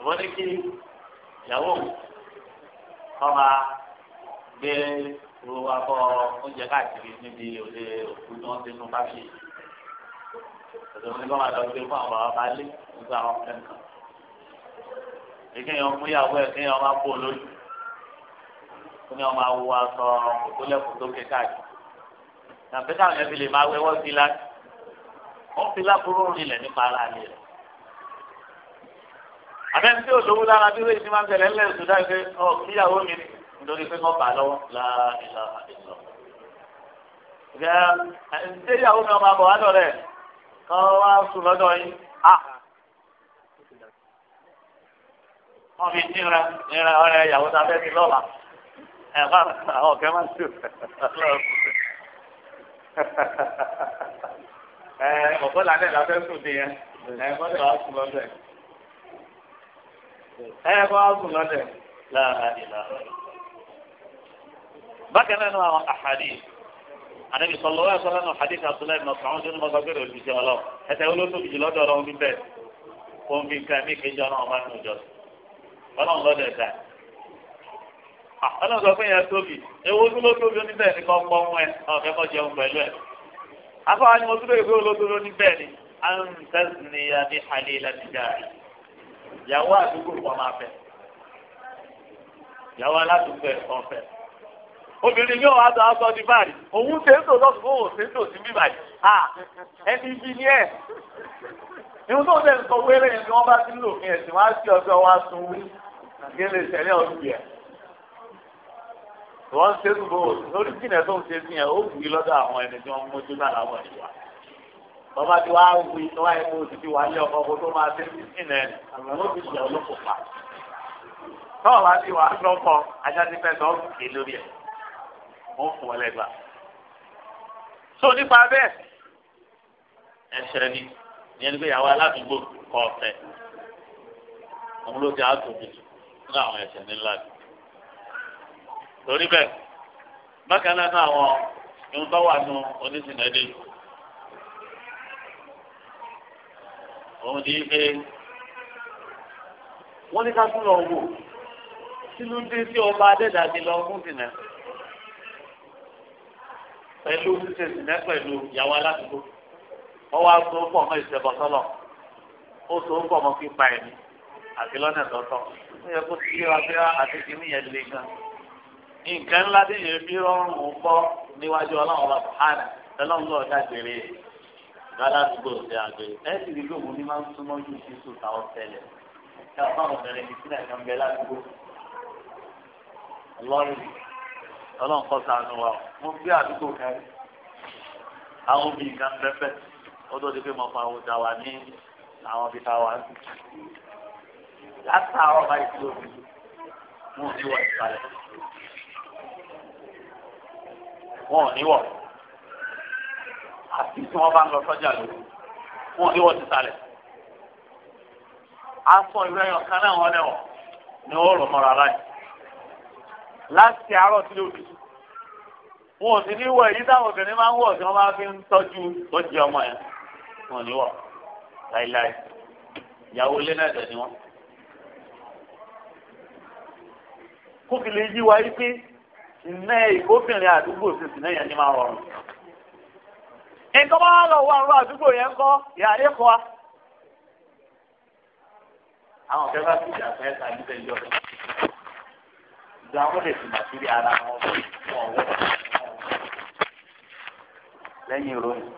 ìwọ́n ní kí ìyàwó òun kọ́ máa gbé ru akọ oúnjẹ káàkiri níbi òde òkú tí wọ́n ti nu bá fi ọ̀sẹ̀ wọn ní kọ́ máa lọ gbé fún àwọn bàbá bá lé nígbà wọn fẹ́ nǹkan. èkéyàn mú ìyàwó ẹ̀ kéyàn máa bò lójú kó ní ọmọ awo aṣọ ìkólẹ́kùn tó ké káàkiri tàbí káwọn ẹbí lè máa wẹ́wọ́ sí la wọ́n fi láburú rinlẹ̀ nípa ara rẹ̀ rẹ̀. àbẹ́ni tí olówó lára bí wéyí ti máa ń tẹ̀lé ńlẹ̀ ìṣúná ìgbé ọ kíyàwó mi ni nítorí pé wọ́n bà á lọ́wọ́ láàrínlá àdìsọ. ìgbà ṣé ìyàwó mi ọmọ àbọ̀ wá lọ́rẹ̀ kọ́ wá sùn lọ́dọ̀ yín á. Ah. wọ́n fi dín ra ọ̀rẹ́ ìyàwó ta fẹ́ mi lọ́la ẹ̀fọ́ àwọn ọ̀kẹ́ máa ṣe ẹ ọ̀pọ̀ làdẹ̀ la fẹ́ sùn ní yẹn ẹ gbọ́dọ̀ sùn lọ́dẹ̀ bákan náà nù àwọn àhàdì ànábì sọlọ wà sọlọ nù àhàdì kàtúlẹ̀ nù sàwọn tó ní mọ́tò gbèrè òṣìṣẹ́ ọlọ ẹsẹ̀ olóṣòwò jùlọ dọ̀rọ̀ wọn bí bẹ́ẹ̀ kó ń fi nǹkan mí kéjọ náà wọn bá nù jọ ọlọ́run lọ́dẹ̀ dáa. Ah, ọlọ́run sọ pé yẹn tóbi ewu tó ló tóbi oníbẹ̀ ni kò pọ̀ wọn ẹ ọ̀fẹ́ kọ́ jẹun pẹ̀lú ẹ̀. afọwọ́ ni mo tún lè gbé olótóbi oníbẹ̀ ni à ń tẹ́sí ni àbí alẹ́ láti dá rẹ̀. ìyàwó àdúgbò kan máa fẹ́ ìyàwó aládùúgbò ẹ̀ kan fẹ́. obìnrin yóò wá sọ aṣọ ní báyìí òun ṣe ń tò lọ́sùn fún òun ṣe ń tò sí bí báyìí à ẹni bí ni ẹ̀. ìhun tó ń tẹ̀ ń sọ wéré ni wọ́n bá ti ń lò fún ẹ̀sìn wá sí ọjọ́ wọ́n ṣe ń bo lórí jìnnà tó ń ṣe sí yẹn ó wù í lọ́dọ̀ àwọn ẹni tí wọ́n mójú náà láwọn ìwà bàbá tí wàá wù í tó wáyé kó o ti fi wà lé ọkọ̀ tó máa ṣe sí jìnnà ẹ̀ àwọn ó ti yẹ olóko pa tọ́wọ́ wá sí wàá lọ́kọ̀ ajá ti fẹ́ tọ́ ké lórí ẹ̀ wọ́n fún ọ lẹ́gbà. so nípa bẹ́ẹ̀ ẹ̀ṣẹ̀ ni ìyẹn ni pé ìyàwó aládùúgbò kọ ọ̀fẹ́ òun àtòkùtù fún àwọn ẹ̀ṣẹ̀ ńlá torí bẹ́ẹ̀ bákan náà náà àwọn ohun tó wà nù onísìnẹ́lẹ̀ òun ní pé wọ́n ní ká tún lọ wò ọba lọ fún pẹ̀lú ṣíṣe ìsìnẹ́ pẹ̀lú ìyàwó aládùúgbò ọwọ́ aṣọ pọ̀ mọ́ ìṣẹ̀bọ̀ sọ́lọ̀ ó so pọ̀ mọ́ pípa ẹ̀mí àti lọ́nà tọ̀tọ̀ ó yẹ kó bí àti nǹkan ńlá tí yẹn fi rọrùn bọ́ níwájú ọlọ́run ọba sàhánà ọlọ́run lọ́ọ́ dágbére galádùúgbò ṣe àgbẹ̀ ẹ̀ sì rí lóògùn ní máa ń súnmọ́ ju sísù táwọn tẹ́lẹ̀ ẹ̀ fáwọn obìnrin ní sílẹ̀ kan bẹ ládùúgbò lọ́rùn ọlọ́run kọ́ sànù wa mo gbé àdúgbò kárí àwọn obìnrin kan pẹ́pẹ́ ó tó di pé mo fa àwọn wa ní àwọn ibi táwa ń sùn látàwọn báyìí tó mi mo ti wọ ìsàlẹ̀. wọn ò níwọ̀ àti tí wọ́n bá ń lọ sọ́jà ló wọn ò níwọ̀ ti sálẹ̀ aṣọ ìwé ẹ̀yọ̀ kan náà wọ́n lẹ́wọ̀ ni wọ́n rò mọ́ra láì láti àárọ̀ tí lóbi wọn ò sì ní wọ èyí táwọn obìnrin máa ń wọ̀ tí wọ́n máa fi ń tọ́jú tó ọmọ yẹn wọn ò níwọ̀ láíláí ìyàwó ilé náà dẹ̀ ni wọ́n. kókìlì yí wa pé ìmẹ́ ìkóbìnrin àdúgbò sì sì lẹ́yìn ẹni máa rọrùn. nǹkan bá lọ wọ àwọn àdúgbò yẹn ń kọ́ ìyáálé kọ́ wa. àwọn ọ̀fẹ́ bá ti jà fẹ́ tàbí tẹ̀ jọ. ìgbà wọn lè sùn àti ara wọn fún ọwọ́. lẹ́yìn ìròyìn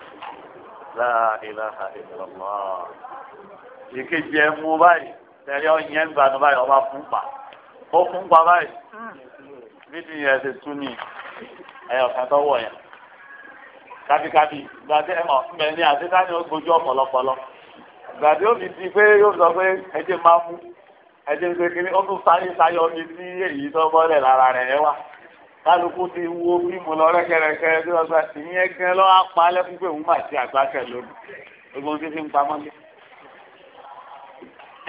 la ilaha illallah. ìkejì ẹ̀ mú báyìí tẹ̀lé ọ̀yẹ́ ń gbanú báyìí ọba fún pa ó fún pa báyìí bíbí yẹn ti tú ní ẹyọ kan tó wọ yẹn kábíkábí gbàdé ẹ mọ mẹ ní àtẹkáni ó gbójú ọpọlọpọlọ gbàdé ó fi di pé yóò sọ pé ẹjẹ máa mú ẹjẹ ń pè kíní ó tún sáyé sáyọ ní sí èyí tó bọ́lẹ̀ lára rẹ̀ ẹ wà kálukú ti wo fíìmù lọ rẹ́kẹrẹkẹ tí wọ́n sọ ìyẹn gan lọ́wọ́ apá lẹ́kún pé òun máa ti àgbákẹ́ lónìí gbogbo ohun fi ń pamọ́ ní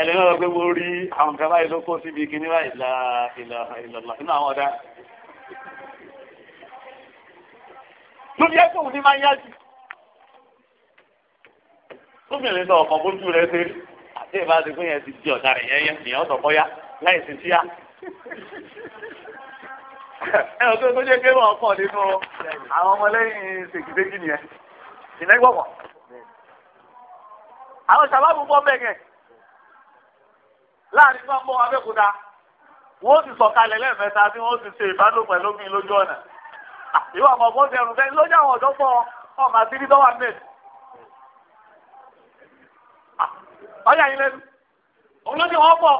ẹlẹ́yìn náà pé mo rí àwọn kan báyìí ló kó síbi kíní báyìí ìlà ìlà ìlọ̀lọ̀ àwọn ọ̀daràn. lórí ẹgbẹ́ òun ní máa ń yá jù. lóbìnrin náà ọkọ̀ bójú rẹ̀ ṣe rí àti ìbá ti fún yẹn ti di ọ̀dà rẹ̀ yẹ́yẹ́ ìyẹn ọ̀sọ̀ kọ́ yá láì sí tíá. ẹ ò tó tó jẹ́ kébọ̀ ọkọ̀ nínú àwọn ọmọlẹ́yìn ṣèkìdéjì nìyẹn ìnẹ́gbọ̀wọ̀. àwọn ṣàbábù bọ́ bẹ́ẹ̀ yẹn láàrin gbọ́ngbọ́n abẹ́kúta wọ́n ti sọ̀kalẹ̀ lẹ́ẹ̀mẹ́ta tí wọ́n ti ṣe ìbálòpọ̀ lómi lójú ọ̀nà ìwà ọmọ ọmọ ọdẹrùn fẹ lójú àwọn ọ̀dọ́ pọ̀ ọmọ àtìrí tó wà mẹ. ọyà yín lẹ́nu olójú wọn pọ̀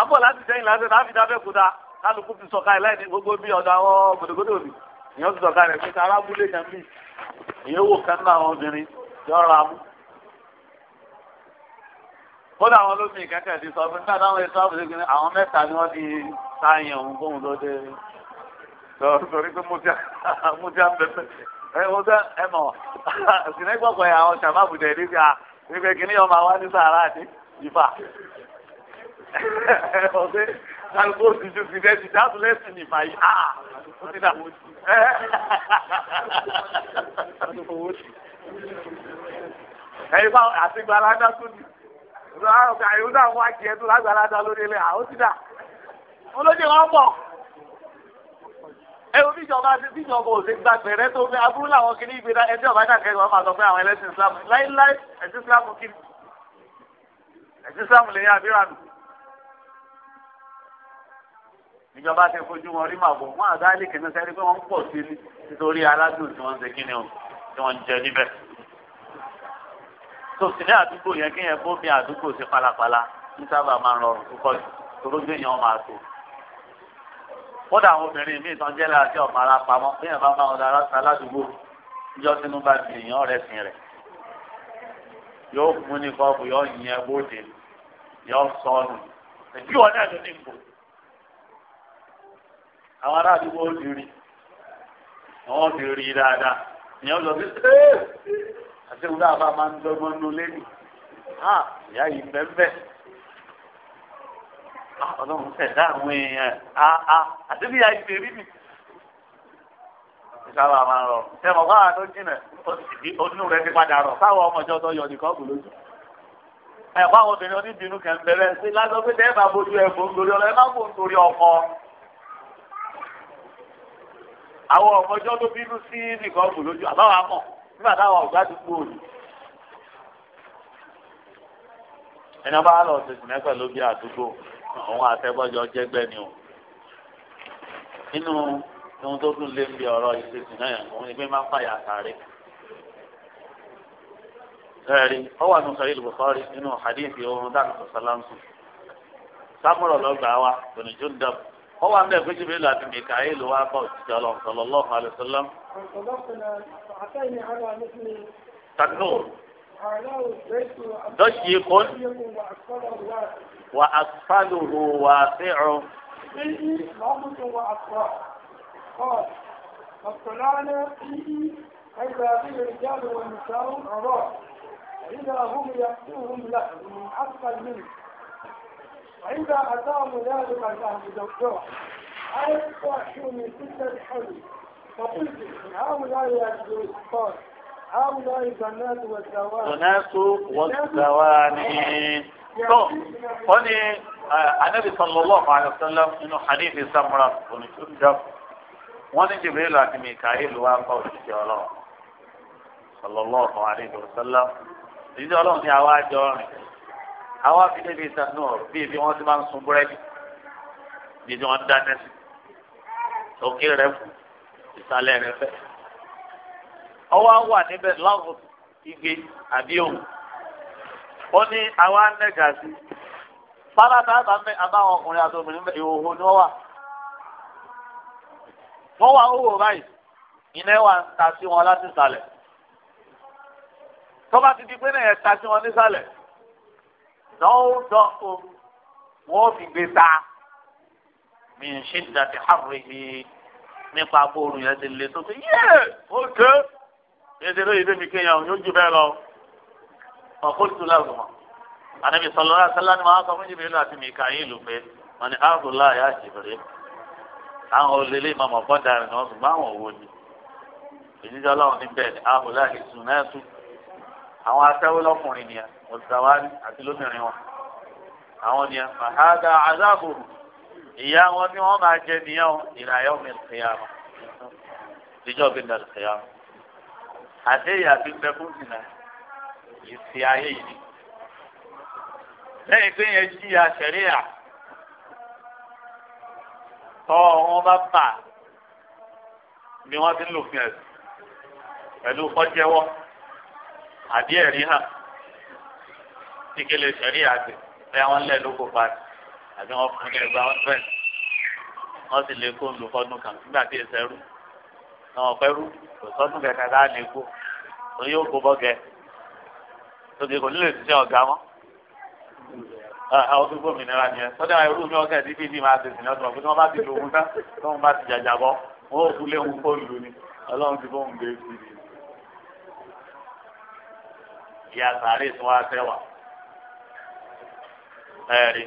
àbọ̀ láti sẹ́yìn láti náà fi dábẹ́ kúta kálukú ti sọ̀ka ẹ̀ láìní gbogbo bí ọ̀dọ̀ àwọn gbòdògbòdò mi ìyẹn ti sọ̀ka rẹ̀ pé ká arábúlé kan bí ìyẹn wò kán náà àwọn obìnrin yọ̀ọ̀rọ̀ amú kódà àwọn olómi ìkẹ́kẹ̀ẹ́ ti sọ fún mi torí pé musa musa ń bẹ̀rẹ̀ ẹ musa ẹ mọ̀ sìnẹ́gbọ̀kọ̀ yà àwọn sàmáàbù dẹ̀ ní ká wípé kìnìún yọ̀ máa wá ní sàrà àti ìfà ọ̀sẹ̀ kálukó tìjú sí lẹ́sì dáàbò lẹ́sì nìfà yìí á ó ti dà ẹ̀yin fáwọn àti gbalada tó di ìlú àwọn ọ̀gá ìlú náà wá jẹ́ tó lágbàlada lórí ilé àwọn ti dà olóde wọn bọ̀ ẹ wo bíjọba ti bíjọba ò ṣe gba gbẹrẹ tó fẹ aburú làwọn kiri ìgbéra ẹjẹ ọba dàkẹ wọn máa sọ pé àwọn ẹlẹ́sìn islam láíláí ẹ̀sìn islam kiri ẹ̀sìn islam lè yá àbíra nù. ìjọba ti fojú wọn rí màá bọ wọn àgbá lè kìnnì sẹni pé wọn ń pọ̀ sí i nítorí aládùn tí wọn ń ṣe kíni o tí wọn ń jẹ níbẹ̀. tó sì ní àdúgbò yẹn kéèyàn bómi àdúgbò sí palapala ń sábà máa ń rọrùn púpọ̀ jù torógbé yẹn wọn máa tó kódà àwọn obìnrin míì tán jẹ́lẹ̀ àti ọ̀pá ara pamọ́ bí yẹn bá máa ọ̀dà aráta aládùúgbò níjọ́ sínú bá ti èèyàn rẹ̀ sìn rẹ̀ yóò mú ní kọ́ọ̀bù yóò yẹn bóde yóò sọnù ẹ̀bí wọn náà ló ní nbò àwọn ará àdúgbò ó rí àwọn ti rí dáadáa èèyàn lọ sí ẹ́ẹ́ àti ìwúrọ̀ àbá máa ń dọ́gbọ́n nulẹ̀ nì ah, ìyá yìí bẹ́ẹ̀ bẹ́ẹ̀. ọlọ́run ṣẹ̀dá àwọn èèyàn àá àdébí rí mi. ìṣàlọ̀ àmà rọ̀ ṣe mọ̀ fáwọn tó jìnà onú rẹ̀ ti padà rọ̀ fáwọn ọmọ tó yọ nìkan lójú. ẹ̀kọ́ àwọn obìnrin ń bẹ̀rẹ̀ sí lásán pé bá bójú ń ọlọ́ ẹ má ń torí ọkọ. àwọn tó bínú sí nìkan lójú mọ̀ nígbà táwọn ọ̀gá ti kú òní. ẹni ọba àwọn àtẹ́bọ́jọ jẹ́gbẹ́ ni o nínú ohun tó tún lé ń bi ọ̀rọ̀ ìṣèṣin náà yẹn òun ni pé máa ń fàyà àtàrí ẹ̀rí ọwọ́ àti sọ̀rọ̀ ìlú bùkọ́rí nínú hadithi ohun dáhùn sọ̀sọ́láńsù sámúrọ̀ lọ́gbàá wa bẹ̀rẹ̀ júndàm ọwọ́ àmì ẹ̀kọ́ jìbìrì láti mìkà ìlú wa bọ̀ jìjà lọ sọ̀lọ́ lọ́hùn àlùsọ́lám. tànú dọ́ṣì kún. وأسفله واسع فيه رحمة وأسرار قال فاطلعنا فيه فإذا به الرجال والنساء عراء فإذا هم يأتوهم له من أثقل منه فإذا أتاهم ذلك الأهل دكتور أي أحشوا من ستة حل فقلت هؤلاء يجدون قال هؤلاء البنات والزواني البنات والزواني tó ó ní anabi sallallahu alayhi wa sallam nínú hadithi samura oníṣòwò wọn ní jibril àti mikael wà bá òṣìṣẹ́ ọlọ́run sallallahu alayhi wa sallam ìdílé ọlọ́run ní àwa àjọ rìn àwa fi débi ìsànú bíi bí wọ́n ti máa ń sun búrẹ́dì bí wọ́n ń dáná sí òkè rẹ̀ fún ìsàlẹ̀ rẹ̀ fẹ́ ọwọ́ wà níbẹ̀ láwùjọ igbe àbí òun ó ní àwa ń nẹ́gà sí fáráta àbámẹ́ àbáwọn ọkùnrin àti obìnrin bẹ́ẹ̀ ìhòòhò ni wọ́n wà wọ́n wà owó báyìí iná wà ń ta sí wọn láti sàlẹ̀ tó bá ti di pé náà yẹn ta sí wọn nísàlẹ̀ náà ó dán o wọ́n fi gbé ta mi ń ṣe ìdàtí àrùn yìí nípa bóòlù yẹn ti le tó fi yé ó ké ètò ìdè mi kéèyàn yóò jù bẹ́ẹ̀ lọ ọ̀kútù láwùmọ̀ ànábì sọlọ àṣálá ni màá sọ fún jìbìrì àti mìkàyín lù pé wọn ni áàbùlá yà jìbìrì àwọn olèlé ìmọ̀mọ̀ bọ́dà rẹ̀ náà ṣùgbọ́n àwọn òwò ni ìdíjọ́ ọlọ́run ní bẹ́ẹ̀ ni áàbùlá ìsùn náà tún àwọn aṣẹ́wó lọ́kùnrin ni ọ̀sàwárí àti lómìnirin wọn àwọn ni fàhádà azáàbòrò ìyá wọn ni wọn máa jẹ nìyẹn ìràyọ mi kìyàmù ìjọba ìdàlù kìyàmù àti èyí àti ìgbẹ́kùn sì náà ìsì ayé yìí lẹ́yìn pé yẹn jí àṣẹríà tọ́ wọn bá bà ni wọ́n ti ń lò fún ẹ̀sìn pẹ̀lú kọ́jẹ́wọ́ àbí ẹ̀rí hàn tí kele ṣẹ̀ríà àgbẹ̀ bẹ́ẹ̀ wọ́n lẹ̀ lóko parí àbí wọ́n fún ẹgbẹ́ wọn fẹ́ wọ́n sì lè kó ń lò fọ́dún kan nígbà tí èsẹ̀ rú àwọn ọ̀pẹ́ rú kò sọ́dún kẹ̀kẹ́ dáa lè kó òun yóò kó bọ́gẹ́ tóbi kò nílò ìṣiṣẹ́ ọ̀gá mọ́ àwọn tó gbòmìnira ni ẹ sọdọ àwọn irú mi ọkẹ dídí di máa tẹsí ní ọdún ọgbẹ tí wọn bá ti lo òun tán tí wọn bá ti jàjà bọ wọn ò kúlé òun kó lù ní Ọlọ́run ti bóun gbé sí i. ìyá sàárè tí wọn á tẹwà ẹẹrí.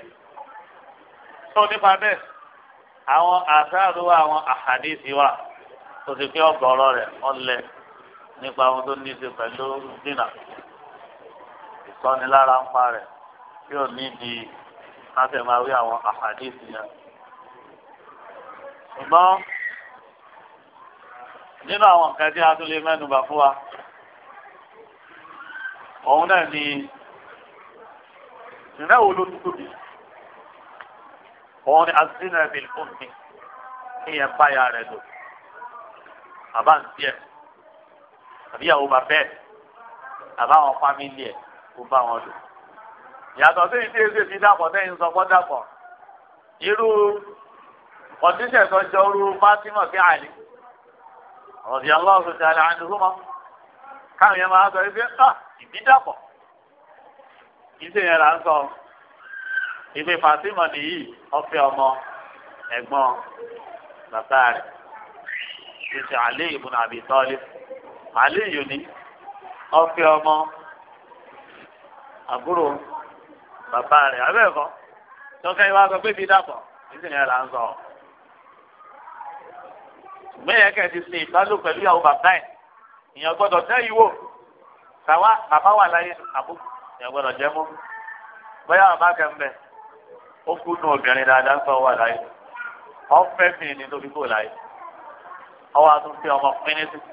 tó nípa bẹ́ẹ̀ àwọn àṣàrò àwọn àhàdìsí wa tó ti fi ọgbọ̀rọ̀ rẹ̀ ọlẹ̀ nípa ohun tó ní í ṣe pẹ̀lú dínà ìsọnilára ń parẹ̀ tí ò ní di káfíńmáwí àwọn àhàdíìsì yẹn. ṣùgbọ́n nínú àwọn nǹkan tí a tún lè mẹ́nubà fún wa òun náà ni ìnáwó ló tún tóbi òun ni azina bil ummi kéèyàn báyà rẹ̀ lò àbá ń tiẹ̀ àbíyàwó bàbẹ́ àbáwọn fámìlì ẹ̀ kó bá wọn lò yàtọ̀ sí ìdí èsì fi dàpọ̀ tẹ́yìn sọ fọ́ dàpọ̀ irú kọ̀díṣẹ̀ tó jọ irú Fátímọ̀ sí Àlì ọ̀dì ọlọ́run ti àlẹ́ àdúgbò káwọn yẹn máa sọ yìí pé ah ìbí dàpọ̀ ìṣe yẹn là ń sọ ìpè Fátímọ̀ nìyí ọ̀fẹ́ ọmọ ẹ̀gbọ́n bàbá rẹ̀ ìṣe Àlì ibn Abi Talib yòní ọ̀fẹ́ ọmọ. àbúrò bàbá rẹ̀ abẹ́ẹ̀kọ́ tọ́kẹ́ wa sọ pé mi dàpọ̀ nísìnyí ẹ̀ là ń sọ. mẹ́yẹ kẹ́ ti sin ìbálò pẹ̀lú ìyàwó bàbá ẹ̀ ìyẹn gbọ́dọ̀ tẹ́ ìwò tàwa bàbá wà láyé àbú ìyẹn gbọ́dọ̀ jẹ́ mú bóyá bàbá kẹ́ ń bẹ̀ ó kú nù obìnrin dáadáa sọ wà láyé ọ̀fẹ́ mi ni tóbi kò láyé ọwọ́ àtúntì ọmọ pínísì tí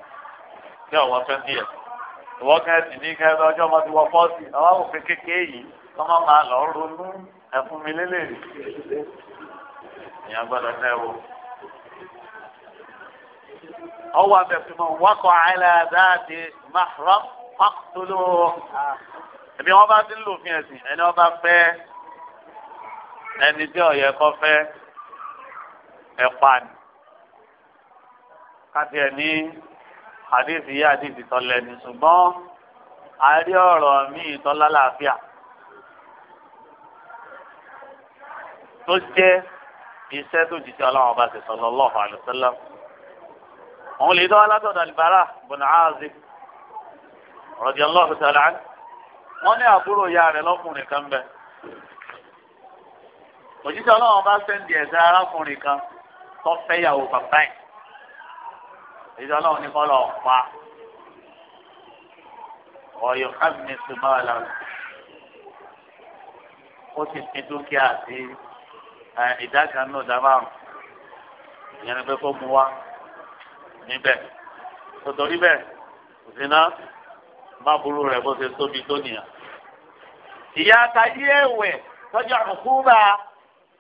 ìwọ kẹsì ní kẹsì ọjọ́ ọmọ ti wọ fọ́ọ̀sì àwọn òfin kékeré yìí kọ́ máa máa lọ ronú ẹ̀fún mi lélẹ̀ rí èèyàn gbọ́dọ̀ tẹ́ o. ọwọ́ abẹ́fimọ̀ wákọ̀ àìláàdáàdì máfúrọ́ pàkútóló ẹ̀mí wọn bá ti ń lòfin ẹ̀sìn ẹni wọn bá fẹ́ ẹni tí ọ̀yẹ́ kọ́ fẹ́ ẹ̀pà ni káti ní àdéhìí yá àdéhìí tọ́lẹ̀ ní ṣùgbọ́n a rí ọ̀rọ̀ míì tọ́lá làáfíà tó jẹ́ iṣẹ́ tó jìjẹ́ ọlọ́run ọba ṣe sallallahu alaihi wasallam. òun lè dán alátọ̀dọ̀ àlùbárà bùnà áàzì radiyallahu ta'ala anhu. wọ́n ní àbúrò ìyá rẹ̀ lọ́kùnrin kan bẹ̀. òjijì ọlọ́run ọba ṣẹ́ńdì ẹ̀sẹ̀ arákùnrin kan tó fẹ́yàwó bàbá yìí ìdí ọlọ́run ní kọ́ lọ pa ọ̀yọ̀ kábìnì ṣùgbọ́n ó sì fi dúkìá sí ìdá náà dábàrún ìyẹn ni pé kó mu wá níbẹ̀ tòtòrí bẹ́ẹ̀ òsínà má burú rẹ̀ bó ṣe tóbi tó nìyà. ìyá àtàyé ẹ̀wẹ̀ tọ́jú àkókò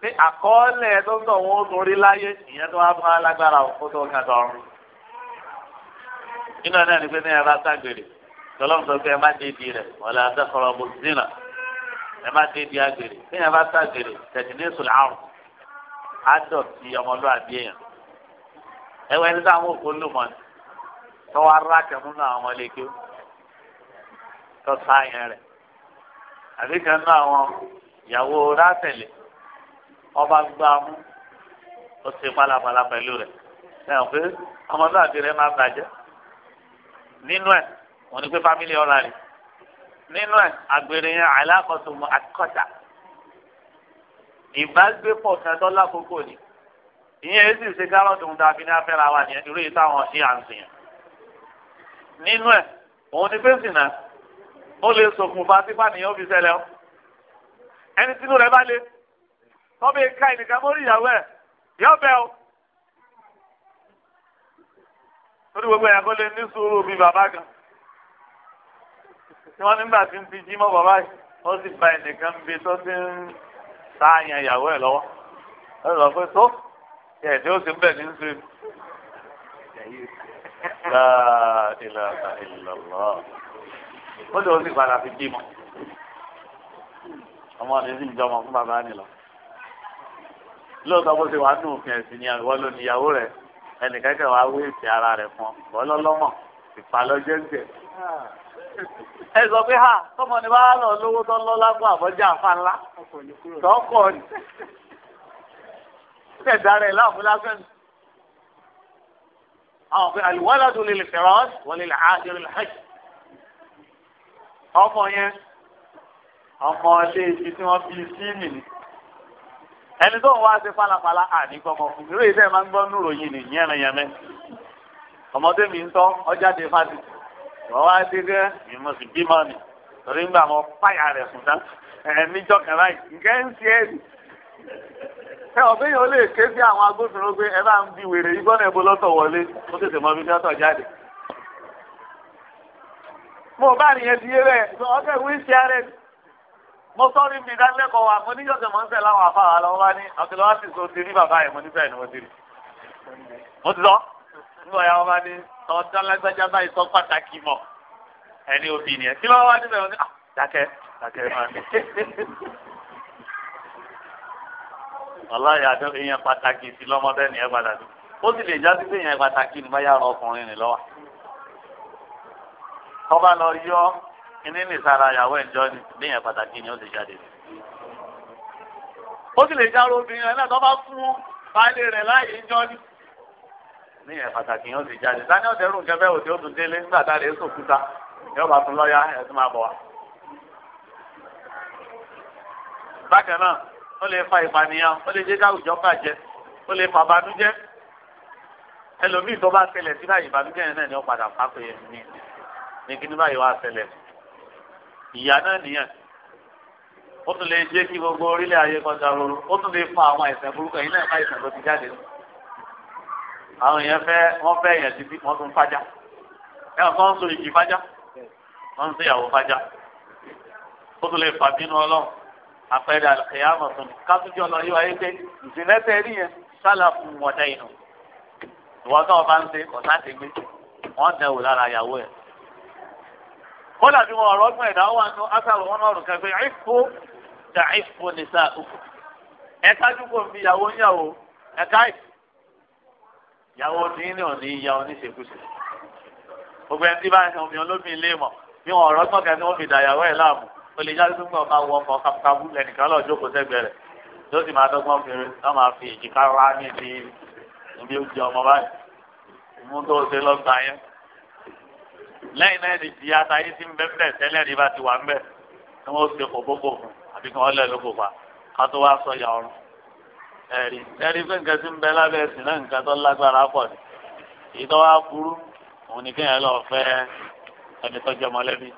pé àkọọ́lẹ̀ tó ń tọ̀ wọ́n torí láyé ìyẹn tó wá fún alágbára òkú tó ń kàtọ́ ọ̀run nínú ẹ̀ náà ni pé ní ẹ bá ságbèrè tọ́lọ́mù sọ pé ẹ má dédi rẹ̀ wala taqrabu zina ẹ má dédi àgbèrè bí ẹ bá ságbèrè tẹ̀sínísù làárùn á dọ̀tí ọmọlúwàbí èèyàn ẹ wọ ẹni táwọn òkú lù mọ́ ni tọ́wọ́ ará kẹ́mú náà àwọn ọmọlẹ́kẹ́ tọ́ sáyẹn rẹ̀ àbí kan náà àwọn ìyàwó rátẹ̀lẹ̀ ọba gbá mú ó ṣe pálapàla pẹ̀lú rẹ̀ ẹ̀ ọ̀pẹ́ ọmọlúwàbí rẹ̀ má bàjẹ́ nínú ẹ wọn ni pé family ọ̀la rẹ nínú ẹ agbèrè yẹn alákọ̀tò mọ akọ́ta ìbágbépọ̀ kan tó lákòókò ni ìyẹn èsì ṣe gárọ́ọ̀tì ń dàbí ní afẹ́ra wa nìyẹn irú yìí táwọn ṣe à ń sìn nínú ẹ òun ni pé sìnà ó lè ṣokùnfà sípà nìyẹn ó fi ṣẹlẹ̀ o ẹni tínú rẹ bá le tọ́bí ká ẹnìkan mórí ìyàwó ẹ̀ yọ bẹ́ẹ̀ o. torí gbogbo yẹn kó lè ní sùúrù bíi bàbá kan tí wọ́n nígbà tí ń ti jí mọ́ bàbá yìí wọ́n sì ba ẹnìkan bíi tó ti ń ta àyàn ìyàwó ẹ̀ lọ́wọ́ ẹ lọ pé tó ẹ̀ tí ó sì ń bẹ̀ ní sùn. La ilaha illallah. Ó lè ó sì padà fi jí mọ́. Ọmọ rẹ̀ sì ń jọmọ fún bàbá nìlọ. Lóòótọ́ bó ṣe wà nù òfin ẹ̀sìn ni àwọn lónìí ìyàwó rẹ̀ ẹnìkan kẹ wàá wé ìsì ara rẹ fún ọ bọlọlọmọ ìpalọjẹ ń tẹ. ẹ sọ pé ha tọmọ ni wàá lọ lówó tó lọ lágbó àbọjá àfa ńlá tọkọ ni tẹ dára ẹ láàmú lásán ni. àwọn pé àlùwáládùn lè lè fẹ̀rọ wọlé lè ha jẹ́ lè hajj. ọmọ yẹn ọmọ ilé ibi tí wọ́n fi sí mi ni. ẹni tó ń wá sí pálapàla àní gbọmọ fún mi lóye sẹ́yìn máa ń gbọ́ níròyìn ní yẹ́nrẹ́yẹ́mẹ́ ọmọdé mi ń tọ́ ọjáde fásitì wọ́n wá sí mi mo sì bímọ ni torí ń gbà mọ páyà rẹ̀ sùn tán ẹ̀ níjọ́ kan láì ń ṣe é ẹ ọ̀bẹ yẹn ó lè ké sí àwọn agbófinró pé ẹ bá ń bi wèrè mo sọ́ọ́rí mi ìdánilẹ́kọ̀ọ́ wa mo níjọ́sẹ̀ mọ́ ń tẹ̀ láwọn afáwà lọ́wọ́ wá ní abdulhawa ti so ti rí bàbá yẹn mo nífẹ̀ẹ́ ni mo ti rí mo ti sọ nígbà yà wọ́n bá ní ọ̀dọ́lágbájá báyìí sọ pàtàkì mọ̀ ẹni òbí nìyẹn kí lọ́wọ́ wá níbẹ̀ wọn ní ah, dákẹ́ dákẹ́ máa ní. ọláyà ìyẹn pàtàkì sí lọ́mọdé nìyẹn padà dùn ó sì lè já sí pé ìyẹn pàtàkì kíní ní sára ìyàwó ẹ̀jọ́ ni bíyẹn pàtàkì ni ó ti jáde. ó sì lè járó obìnrin rẹ̀ náà tó bá fún baálé rẹ̀ láàyè ìjọ́ ni. bíyẹn pàtàkì ni ó ti jáde. sani ọ̀dẹ́ rùn kẹfẹ́ òde ó tún délé nígbà tá a lè sòkúta yóò bá tún lọ́ọ́yà ẹ̀ tún máa bọ̀ wá. bákan náà ó lè fa ìpànìyàn ó lè jẹ́ káwùjọ bàjẹ́ ó lè fa ìbànújẹ́ ẹlòmíì tó bá ṣẹlẹ̀ sí báyìí ìbànújẹ́ yẹn náà ni ó padà fáfẹ́ ìyá náà nìyẹn ó tún lè jẹ́ kí gbogbo orílẹ̀ ayé kọjá lóru ó tún lè fa àwọn àìsàn burúkú ẹ̀yin náà ká àìsàn tó ti jáde àwọn èèyàn fẹ́ wọ́n fẹ́ èèyàn títí wọ́n tún fájá ẹ̀ wọ́n ń so ìjì fájá wọ́n ń ṣèyàwó fájá ó tún lè fà bínú ọlọ́run àpẹẹrẹ àlùkìyàmọ̀ tó ní kátújọ́ lọ yóò ayé pé ìsìnlẹ́tẹ̀ rí yẹn sálà fún wọ́dà ìnù ìwọ́n tó o bá ń ṣe ọ̀sán ti gbé wọ́n dẹ̀ wò lára ìyàwó ẹ̀ wọ́n dàbí wọn ọ̀rọ̀ ọgbọ́n ẹ̀dá wà nù asàrò wọn ọ̀rùn kan pé àìfò dà àìfò nìsa òkú ẹ̀ka dúkò ń bi ìyàwó níyàwó ẹ̀ka ìyàwó ní ní òní ìyá oníṣekúṣe gbogbo ẹni tí bá ń sọmi olómi ilé mọ̀ bí wọn ọ̀rọ̀ ọgbọ́n kan tí wọ́n fi dà ìyàwó ẹ̀ láàmú o lè jáde gbọ́n máa wọ ọkọ̀ kápákábú ẹnìkan lọ́ọ́ lẹ́yìn náà ni ìyá àtàyè ti ń bẹ́ bẹ́ẹ̀ tẹ́lẹ̀ rí bá ti wà ń bẹ́ẹ̀ ni wọ́n ṣe kò gbogbo fún àbí kí wọ́n lẹ̀ lóko pa ká tó wá sọ ìyá ọ̀run ẹ̀rí ẹ̀rí pé nǹkan ti ń bẹ lábẹ́ ẹ̀sìn náà nǹkan tó lágbára pọ̀ ni èyí tó wá burú òun ni kéèyàn lọ fẹ́ ẹni tó jẹ mọ́lẹ́bí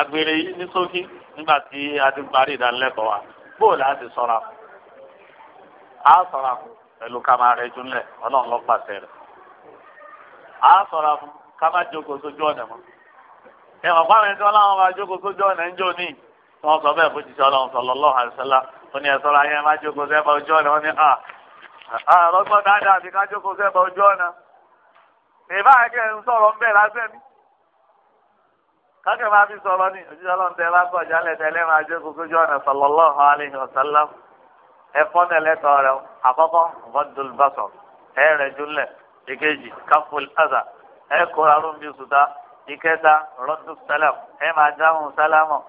agbèrè yìí ní ṣókí nígbà tí a ti parí ìdánilẹ́kọ̀ọ́ wa bóòlù á ti sọ̀rọ̀ á sọ̀rọ̀ pẹ̀lú ká má jókòó sójú ọ̀nà mọ́. ẹ wọ́n fáwọn ẹni tí wọ́n láwọn máa jókòó sójú ọ̀nà ń jò ní wọ́n sọ bẹ́ẹ̀ fún jíjọ́ ọlọ́run sallallahu alaihi wasallam ó ní ẹ̀sọ́ láyé má jókòó sẹ́bà ojú ọ̀nà wọ́n ní à àrọ́gbọ́n dáadáa àfi ká jókòó sẹ́bà ojú ọ̀nà. ìbá akẹ́ ń sọ̀rọ̀ ń bẹ̀ lásẹ̀ ni kákẹ́ máa fi sọ̀rọ̀ ni òjíṣẹ́ ọlọ́run tẹ́ bá kọ̀ jálẹ̀ tẹ́lẹ̀ máa jókòó sójú ọ̀nà sallallahu alaihi wasallam ẹ̀fọ́ nẹ̀lẹ́tọ̀ rẹ̀ àkọ́kọ́ vọ́dùlbásọ̀ ẹ̀rẹ̀ júlẹ̀ èkejì káfùl àzà ẹ kóra ló ń bí sùtá ìkẹta rọdún sálàm ẹ máa dáhùn àwọn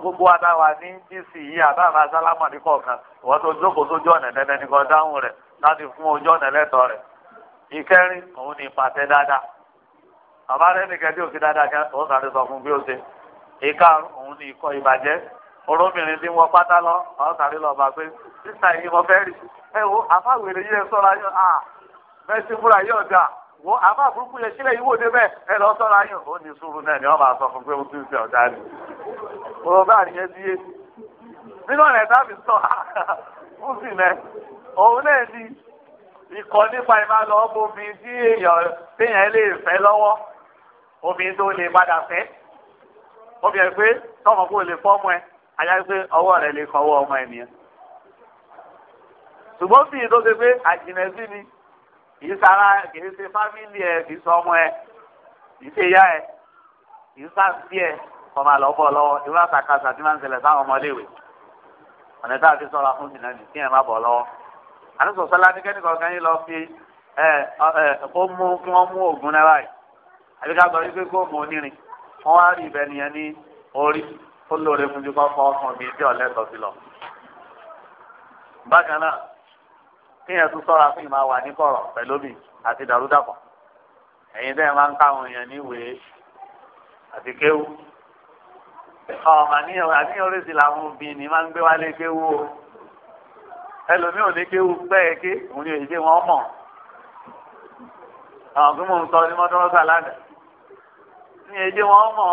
gbogbo wa táwa ní dc yìí àbá àbá sálámọ ní kọ̀ọ̀kan ìwọ tó jókòó sójú ọ̀nà dandan ní dáhùn rẹ láti fún ojú ọ̀nà rẹ ìkẹrin òun ìpàtẹ dáadáa bàbá rẹ nìkan tí òsì dáadáa kẹ sọ fún bí ó ṣe ìkarùn òun ikọ olómìnirin tí pátá lọ wo àbá burúkú yẹn sílẹ̀ yìí wò dé bẹ́ẹ̀ ẹ lọ sọ́ra yín ó ní sùúrù náà ni wọ́n máa sọ fún pé ó ti ń ọ̀dà ni mo bá nìyẹn sí nínú ọ̀rẹ́ tábì sọ fún mẹ́ òun náà ni ikọ̀ nípa ìmá lọ tí èèyàn téèyàn lè fẹ́ lọ́wọ́ omi tó lè padà fẹ́ obìnrin pé tọmọ kó lè fọ́ ọmọ ẹ ajá pé ọwọ́ rẹ lè kọ́wọ́ ọmọ ẹ nìyẹn ṣùgbọ́n bí tó ṣe pé àjìnà ni kìí sara kìí ṣe fámìlì ẹ kìí sọ ọmọ ẹ kìí ṣe ya ẹ kìí sáǹtì ẹ kọmọ àlọ bọ lọ́wọ́ irú àtàkàṣà tí máa ń ṣẹlẹ̀ sáwọn ọmọléèwé ọ̀nà tá a fi sọ̀rọ̀ fún ìdìnnà ní kí ẹ má bọ̀ lọ́wọ́ àtúnṣe sọlá ní kẹ́ni kọ̀ọ̀kan yín lọ fi ẹ ẹ kó mú kí wọ́n mú oògùn náà báyìí àbí ká sọ yín pé kó mú onírin wọ́n wá rí ibẹ̀ nìyẹn ní orí ó lóore fún ju kọ́ ọkàn mi bí ọ̀lẹ́sọ̀ sí lọ. bákan náà kéèyàn tún sọ́ra fún ìmọ̀ wà ní kọ̀rọ̀ pẹ̀lú mi àti dàrúdàpọ̀ ẹ̀yin tẹ́ ẹ máa ń káwọn èèyàn níwèé àti kéwú ọmọ àníyàn àníyàn oríṣi làwọn obìnrin máa ń gbé wálé kéwú o ẹlòmíì ò ní kéwú pẹ́ẹ́ké òun ni èyí tí wọ́n mọ̀ àwọn tí mò ń sọ ní mọ́tọ́rọ́sà lánàá ní èyí tí wọ́n mọ̀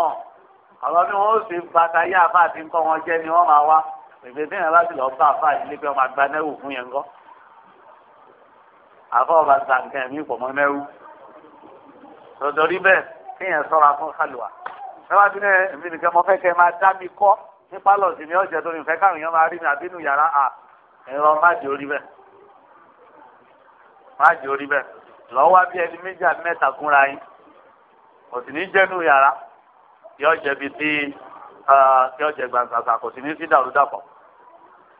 ọ̀rọ̀ ni wọ́n ó sì bàtà yá àfáà tí ń wọn jẹ́ ni wọ́n máa wá pèpè tí yẹn bá lọ bá àfáà yìí pé ọmọ àgbà náà àfọwọ́ba sa nǹkan ẹ̀mí pọ̀ mọ́ mẹ́rú tòtòrí bẹ́ẹ̀ kéèyàn sọ́ra fún kálùwà lọ́wọ́ bí náà èmi nìkan mo fẹ́ kẹ́ máa dá mi kọ́ ní pálọ̀ sí mi ọ̀jẹ̀ tó ní fẹ́ káwọn èèyàn máa rí mi àbínú yàrá à ẹ̀rọ má jẹ́ orí bẹ́ẹ̀ má jẹ́ orí bẹ́ẹ̀ lọ́wọ́ wá bí ẹni méjì àbí mẹ́ta kúnra yín kò sì ní jẹ́nu yàrá yọ jẹ́ bi tí yọ jẹ́ gbàǹsàǹsà kò sì ní sí dàrúdàpọ̀.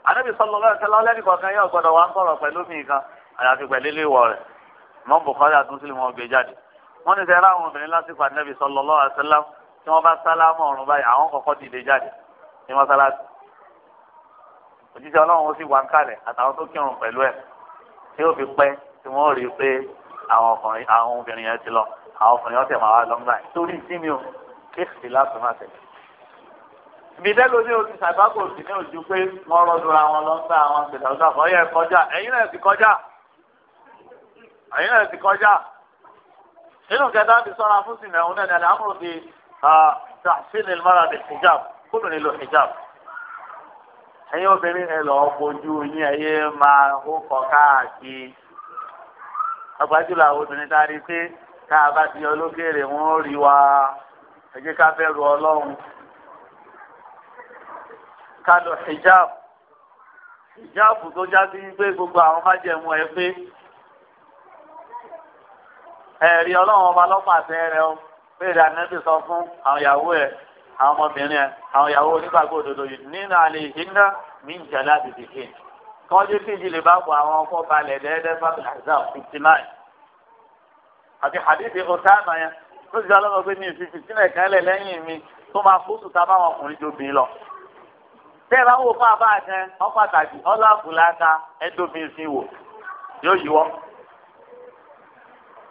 àdébìsọ̀ lọ́wọ́ ẹ̀kẹ́ lọ́lẹ́nì kọ̀ọ̀kan yóò gbọ́dọ̀ wá ń sọ̀rọ̀ pẹ̀lú mi kan àyàfi pẹ̀lú ilé ìwọ rẹ̀ mọ́ bùkọ́lá àtúntò lè mọ́ gbé jáde wọ́n ní sẹ́yìn láwọn obìnrin lásìkò ànábì sallallahu alaihi wasallam tí wọ́n bá sálámù ọ̀run báyìí àwọn kọ̀ọ̀kan ti lè jáde ní mọ́sálásí òjíṣẹ́ ọlọ́run ó sì wà ń kalẹ̀ àtàwọn tó kírun pẹ̀lú ẹ̀ tí ó fi pẹ́ tí wọ́n rí i pé àwọn ọkùnrin àwọn obìnrin yẹn ti lọ àwọn ọkùnrin ọ̀sẹ̀ máa wá lọ́ngbà torí sí mi ò kéèkì láti má tẹ̀lé. ibi dẹ́gbẹ́ ní oṣù sàbákò sí ní ojú pé wọ́n rọ́dúnra wọn lọ́ngbà àyìn náà ti kọjá nínú kẹta ti sọ́ra fún sinmi ẹ̀hún náà ni àmúrò bíi tàṣínì mara bíi hijab kúrò nílò hijab ẹ̀yin obìnrin ẹ lọ bójú yín ẹyẹ máa ó kọ káàkiri agbájúlọ àwọn obìnrin tá a rí pé tá a bá ti yọ lókèrè rí wa ẹ jẹ́ ká bẹ̀rù Ọlọ́run ká lọ hijab hijab tó já sí pé gbogbo àwọn májẹ̀mú ẹ pé ẹ̀rí ọlọ́run ọba lọ́pàṣẹ rẹ o bẹ́ẹ̀rẹ̀ anẹ́bí sọ fún àwọn ìyàwó ẹ̀ àwọn ọmọbìnrin ẹ̀ àwọn ìyàwó onígbàgbọ́ òdodo yìí nínú àlè ìhínná mí ń jẹ́lá bìbì kí ni. kọ́jú kí ìjìnlẹ̀ bá bọ̀ àwọn ọkọ̀ balẹ̀ dẹ́ẹ́dẹ́ fàbílàzà fifty nine. àti hadithi Osama yẹn ló ti sọ lọ́wọ́ pé mi ò wò fún abáàkẹ́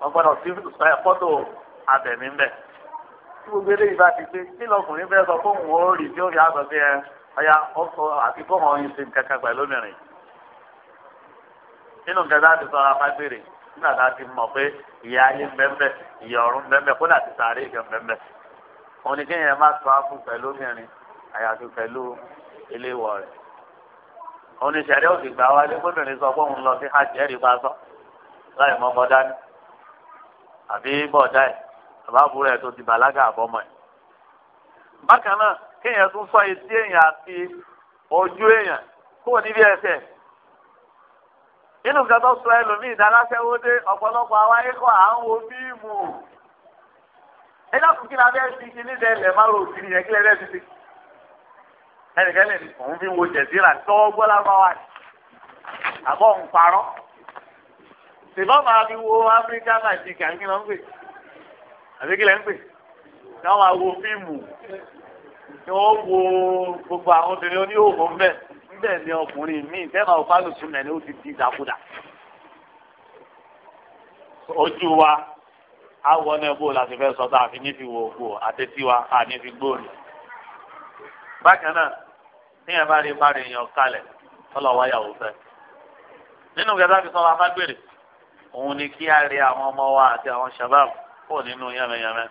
wọ́n gbọ́dọ̀ sí fọ́tò abẹ̀mí ń bẹ̀. tí gbogbo eléyìí bá ti pé kí lọkùnrin fẹ́ sọ fóun ó rì tí ó rí àgbọ̀ sí ẹ ọ̀yà ọkọ̀ àti fóun ọyìn sí nǹkan kan pẹ̀lú mìíràn. nínú nǹkan tá a ti sọ ara fágbére nígbà tá a ti mọ̀ pé ìyá ayé ń bẹ́ẹ̀ ìyá ọ̀run bẹ́ẹ̀ kódà ti sàárè ìgbẹ́ bẹ́ẹ̀. òun ni kéèyàn má sọ àpò pẹ̀lú mìíràn àyàfi pẹ̀lú iléèwọ̀ rẹ̀. òun ni sẹ̀rí òsì gbà wá lé gbọ́dọ̀ ní sọ fóun lọ sí hajj ẹ̀rí bá sọ láì mọ́ kọ́ dání. àbí bọ̀dá ẹ̀ àbábúrò ẹ̀ tó ti bàlágà àbọ̀mọ̀ ẹ̀. bákan náà kéèyàn tún sọ etí èèyàn sọ ẹlòmíì dáláṣẹ́wó ọ̀pọ̀lọpọ̀ àwa ikọ̀ à ń wo ẹ dákun kí la fẹ́ fi kí ní dẹ́lẹ̀ má ro òkìrì yẹn kí lẹ́ fẹ́ fi fi òun fi wo jẹ̀síra ṣèbá máa fi wo áfíríkà màjíkà kí ló ń pè àbí kí ló ń pè káwọn awo fíìmù kí wọ́n wo gbogbo àwọn obìnrin oníhòòhò ń bẹ̀ ń ọkùnrin míì tẹ́lẹ̀ ọ̀pá lùsùn náà ni ó ti di ìdàkudà. ojú wa awọ náà bó la ti fẹ́ sọ tá ní fi wo ògbó àtẹ́tí wa a ní fi gbóòlù. bákan náà níyẹn bá rí parí èèyàn kalẹ̀ tọ́lọ̀ wáyà òfẹ́ nínú gẹ́gẹ́ bí sọ́wọ́ afágbèrè. òun ni kí á rí àwọn ọmọ wa àti àwọn shabab kó nínú yẹmẹyẹmẹ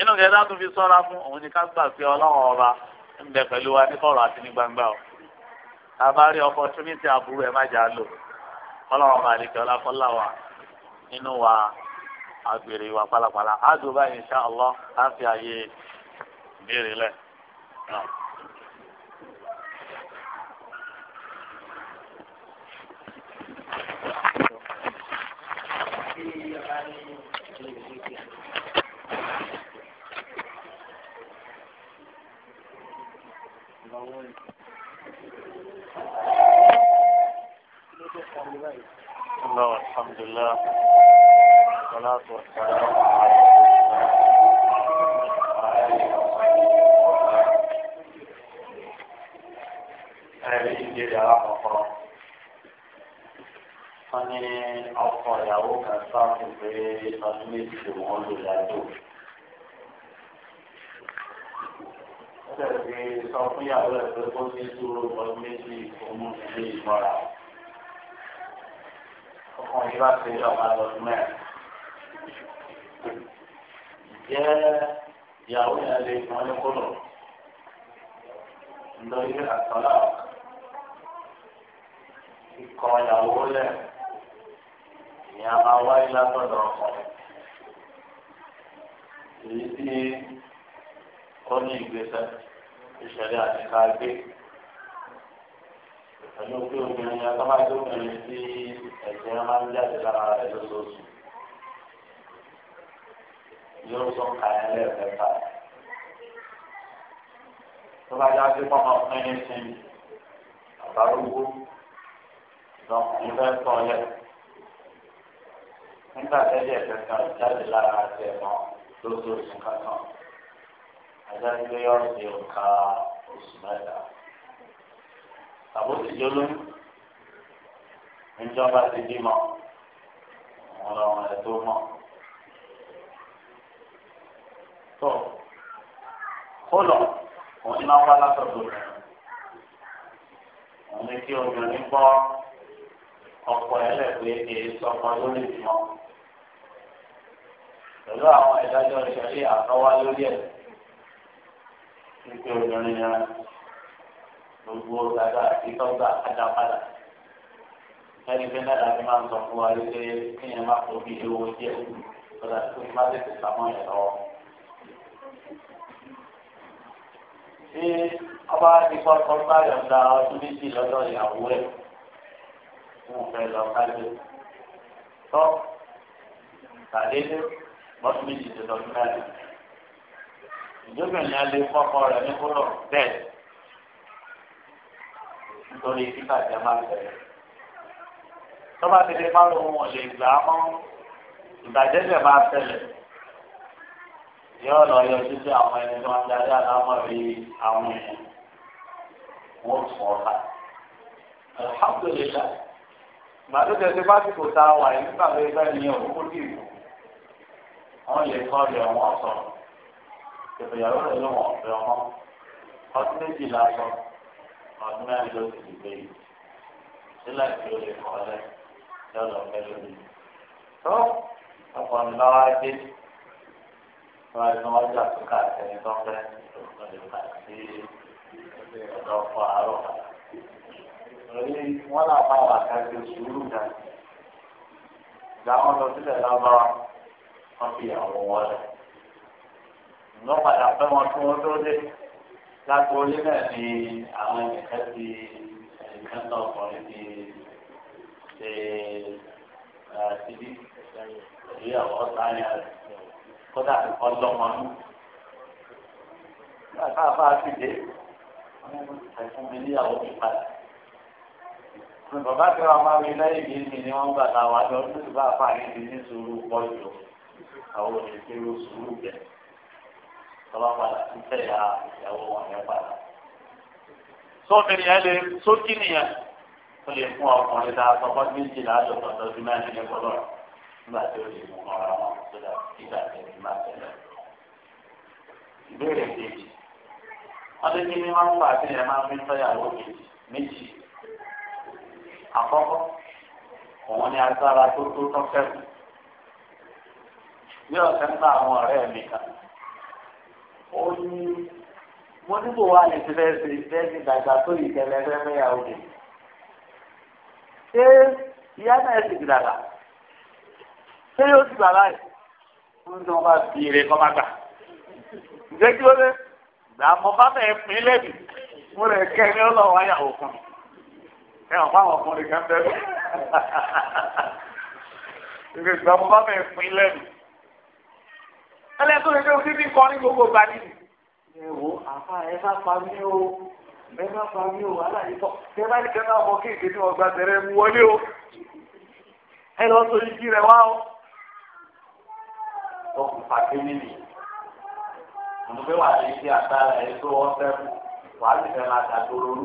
inú kẹta tún fi sọ́ra fún òun ni ká gbà pé ọlọ́run ọba ń bẹ pẹ̀lú wa ní kọ̀rọ̀ àti ní gbangba o a bá rí opportunity àbúrò ẹ má jà lò ọlọ́run ọba الله والحمد لله والصلاة والسلام على wọ́n ní ọkọ̀ ìyàwó kan sáà fún pé ọdún méjì wọ́n lò ládùúgbò. tẹ̀lé sọ fún ìyàwó ẹ̀ pé kó ní dúró ọdún méjì òun ti lé ìmọ̀ra. ọkùnrin yìí bá ti lọ máa lọ sí mẹ́rin. ìjẹ́ ìyàwó yẹn lè fún ọdún kúrò. ńlọ ilé àtọ́lá ikọ̀ ìyàwó lẹ̀ ìyá wáyé látọ̀dọ̀ ọkùnrin. èyí tí ó ní ìgbésẹ̀ ìṣẹ̀lẹ̀ àtìká gbé pẹ̀lú pé obìnrin atọ́májú obìnrin tí ẹ̀jẹ̀ máa ń jáde lára rẹ̀ lóṣooṣù yóò sọ kàyà lẹ́ẹ̀kẹta tó bá yá sí pọ́nmọ́ pínlẹ̀ sí àbárúgbó lọ́kùnrin fẹ́ tọ́ yẹ nígbà tẹ́lẹ̀ ẹ̀kẹta jáde lára rẹ̀ mọ́ lóṣooṣù kankan àdájọ́ pé yọ̀ọ́ ṣe òǹkà oṣù mẹ́ta. àbótí jọlọ́ níjọba ti bímọ àwọn ọmọ rẹ̀ tó mọ̀. tó kó lọ òun ní máa ń wá látọ̀dọ̀ rẹ̀ òun ní kí obìnrin gbọ́ ọ̀pọ̀ ẹlẹ́gbẹ́ èyí sọ̀kan lórí ìmọ̀ pẹ̀lú àwọn ìdájọ́ ìṣẹ̀lẹ̀ àtọwá lórí ẹ̀ pípẹ́ obìnrin yẹn gbogbo dada àti tọ́gbà adápadà ẹni pé náírà ni máa ń sọ fún wa wípé kéèyàn má tóbi ewu díẹ̀ lọ́dà tó má tètè sámọ́ yẹn lọ́wọ́. ṣé ọba ti kọ́ tọ́gbà yọ̀ǹda ọdún méjì lọ́dọ̀ ìyàwó ẹ̀ fún ìfẹ́ lọ kájú tọ́ tàdédé mọ́tò méjì tó lọ́dún mẹ́rin ìjọbìnrin alẹ́ fọ́kọ rẹ̀ ní kúrò bẹ́ẹ̀ nítorí kíkàjẹ́ máa bẹ̀rẹ̀ tọ́ba ti lè fárò wọn lè gbà á mọ́ ìbàjẹ́jẹ́ máa tẹ̀lé yóò lọ yọjú sí àwọn ẹni tó ń darí àlámọ̀rí àwọn èèyàn wọ́n fọ́ ọ̀la alhamdulilayi gbàdó tẹsí pásítọ̀ tá a wà yìí nígbà tó yẹ fẹ́ ní òkú dìbò wọ́n lè kọ́ ọ̀dọ̀ wọn sọ̀rọ̀ ìfìyàwó rẹ̀ ló wọ̀n ọ̀fẹ́ ọmọ ọdún méjìlá sọ ọdún mẹ́rin ló ti dìgbé yìí sílẹ̀ tí ó lè kọ́ lẹ̀ lọ́dọ̀ ọ̀fẹ́ lórí. tó ọkọ̀ ní bá wá dé wọ́n ti wọ́n jà tó ká àtẹni tó fẹ́ lọ́dọ̀ ìgbà tí ọ̀dọ̀ ọkọ̀ àárọ̀ padà. lórí wọn là bá wà kájú sùúrù kan ìgbà wọn lọ sílẹ̀ wọn fi àwọn wọn lẹ̀ ìgbọ́n padà pẹ́ wọn tí wọ́n tó dé lágbo orí náà ni àwọn ẹnìkan ti ẹnìkan náà ọkùnrin ti ṣe síbí ìyàwó ọ̀sán yàrá kódà ọlọ́mọ nù. Bàbá àbá ti dé ẹ̀fún mi níyàwó mi padà. Bàbá tí wọ́n máa rí lẹ́yìn bíi mi ni wọ́n gbà láwa lọ sí bàbá yìí ní sùúrù pọ̀ jù àwọn òṣèlú sùúrù bẹ̀rẹ̀ tọ́lá padà sí fẹ́yà ìyàwó wọn yẹn padà. sófin yẹn lè sókí nìyẹn ó lè fún ọkùnrin náà tọkọ méjìlá àjọpọ̀ tọdún mẹ́rin ní kọ́lọ́ nígbà tí ó lè mú ọ̀rọ̀ wọn sódà ìgbà tẹ̀lé má tẹ̀lé. ìbéèrè kejì wọ́n lé ní mímọ́ nípa àti ẹ̀ máa ń fi fẹ́yàwó kejì méjì. àkọ́kọ́ òun ni agbára tó tó tọ́kẹ́rù bí ọ̀sẹ̀ ń bá àwọn ọ̀rẹ́ mi kan ó ní wọ́n nígbò wà lè ti fẹ́ ṣe ìfẹ́sìn dàgbà tó ìtẹ̀lẹ́ fẹ́ mẹ́yàwó rẹ̀. ṣé ìyá náà ti di dàgbà? ṣé yóò ti bàbá rẹ̀? wọ́n ní wọ́n bá fi ire kọ́ máa gbà. ǹjẹ́ kí ló dé? ìdààmú bá fẹ́ pín lẹ́bi. mo rẹ̀ kẹ́ ní ọlọ́wọ́ ayàwó kan. ẹ ọ̀ fáwọn ọkùnrin kan bẹ́ẹ̀ bẹ́ẹ̀. ìgbà mo bá fẹ́ pín lẹ́bi ẹlẹ́ tó lè dé ojú bí kan ní gbogbo ìgbà nínú. ẹ wo àfa ẹ bá pa mí o ẹ bá pa mí o aláyé tọ ẹ bá ní kẹta ọmọ kéèké ní ọgbà tẹrẹ mú wọlé o ẹ lọ sọ igi rẹ wá o. ọkùn pàṣẹ nínú àmọ́ pé wàá lè ṣe àtàrà ẹ tó wọ́n sẹ́kù wàá lè fẹ́ máa dàgbòrò rú.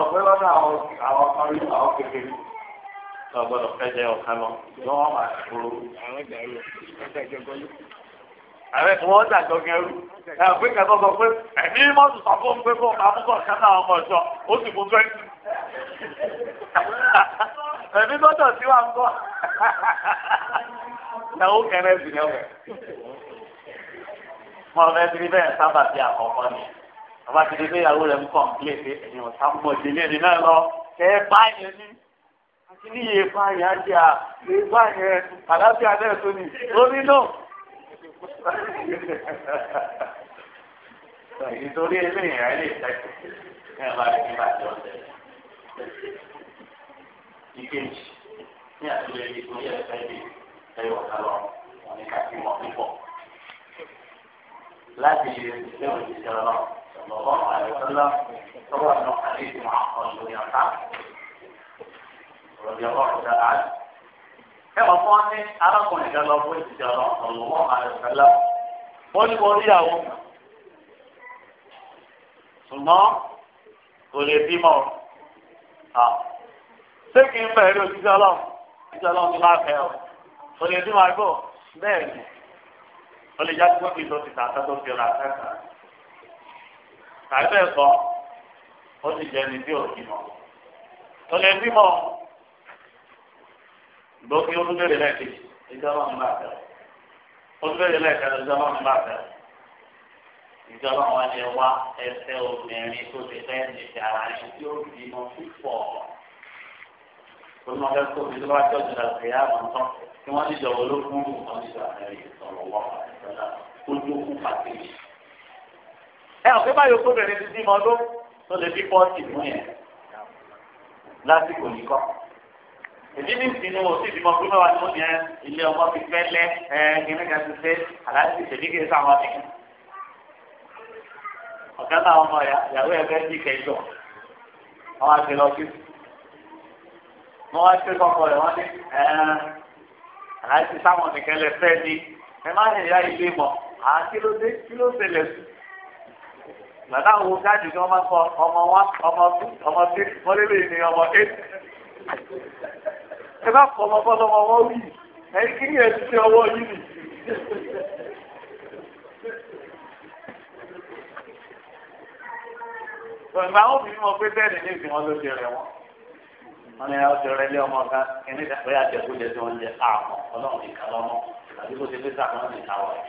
ọ̀pẹ́ lọ́dọ̀ àwọn kékeré tó gbọ́dọ̀ fẹjẹ ọkàn lọ lọ wọn máa kúrò. ààrẹ wọn dàgbọ gẹrú ẹ pé kẹtọ sọ pé ẹmí mọtò sọ fún pé fún àmúkọ kánà ọmọ ọjọ́ ó sì fún twenty. ẹmí gbọ́dọ̀ sí wa ń bọ ìyàwó kẹrẹ sì ni ọbẹ mọ ọbẹ ti di bẹ́ẹ̀ sábà bí àkọ́kọ́ ni ọba ti di bẹ́ẹ̀ ìyàwó rẹ ń kọ ń pè é pé ẹ̀yin ọ̀sán ẹni náà lọ kẹ báyìí ní kí iye pa yẹn à iye pa àlàáfíà náà tó ni orí náà. nítorí eléyìí á lè tẹ́kọ̀ọ́ ní ẹ̀ máa ní bàjẹ́ ọ̀sẹ̀. ìkejì ní àtúnyẹ̀ ìgbóyè ẹ̀fẹ́ yìí ẹ̀yọ̀ kálọ̀ wọn ni ká mọ̀ púpọ̀ láti ṣe ìṣẹ́ òṣìṣẹ́ ọlọ́run ọ̀gbọ́n àìsàn lọ́wọ́ àwọn àlejò àkọsílẹ̀ ọ̀tá rọ̀bì ọlọ́run ṣe àlè. ẹ mọ̀ fún ọ ní arákùnrin kan lọ fún ìdíje ọlọ́run ọ̀lọ́ wọn máa rẹ̀ fẹ́lá. ó ní mo níyàwó ṣùgbọ́n kò lè bímọ. ṣé kí n bẹ̀rẹ̀ òṣìṣẹ́ ọlọ́run òṣìṣẹ́ ọlọ́run ti máa fẹ́ ọ kò lè bímọ àgbò bẹ́ẹ̀ ni ó lè jáde wọ́n fi lọ sí tààtà tó fi ọ̀rọ̀ àtẹ́kà tàbí ẹ̀kọ́ ó sì jẹ́ ní bí òbí mọ́. kò lè bímọ ìgbọ́ kí ó tún bẹ̀rẹ̀ lẹ́ẹ̀kejì ìjọba ń bá a bẹ̀rẹ̀ ó tún bẹ̀rẹ̀ lẹ́ẹ̀kejì ìjọba ń bá a bẹ̀rẹ̀ ìjọba wọn lè wá ẹsẹ̀ obìnrin tó ti fẹ́ ní ìdára yìí tí ó bí mọ púpọ̀ olùmọ̀fẹ́ tó fi lọ́wọ́ jọ́jú la ṣe yá àwọn tán kí wọ́n níjọ wo ló fún nǹkan níjọ àmẹ́rì sọ̀rọ̀ wọ́n ojú kú ti bímọ ló tó lè bí pọ́ọ̀tì fún yẹn èmi ní ìsinmi wò sí ìdìmọ̀ fún mẹ́wàá tó yẹn ilé ọmọ fi fẹ́ lẹ́ ẹ kíní kan ti ṣe aláàtì tèmi kì í sáwọn nìkan. ọ̀gá náà ọmọ yàwó ẹgbẹ́ bí kẹjọ wọn á ti lọ sí. wọn á ti kọkọ rẹ wọn ní ẹ aláàtì sáwọn nìkan lẹ fẹ́ ni ẹ má lè ya ilé mọ̀ à kílódé kílódé lẹ sùn. gbàdá wo gáàdì tí wọ́n máa kọ ọmọ wa ọmọ two ọmọ three wọ́n lé lè ní ọmọ eight ẹ bá kọ́ ọmọ bọ́lọ́mọ wọn kí ni ẹ̀ ti ọwọ́ yìí nì. ìgbà wọn fi mọ pé bẹ́ẹ̀ ni ní ló ṣe wọn wọn ní ọjọ́ rẹ̀ lé ọmọ kan ẹni ìdàgbé àjẹkújẹ tí wọ́n jẹ àmọ́ ọlọ́run ìka lọ́mọ àti bó ṣe sàkóńtì káwọ̀ ẹ̀.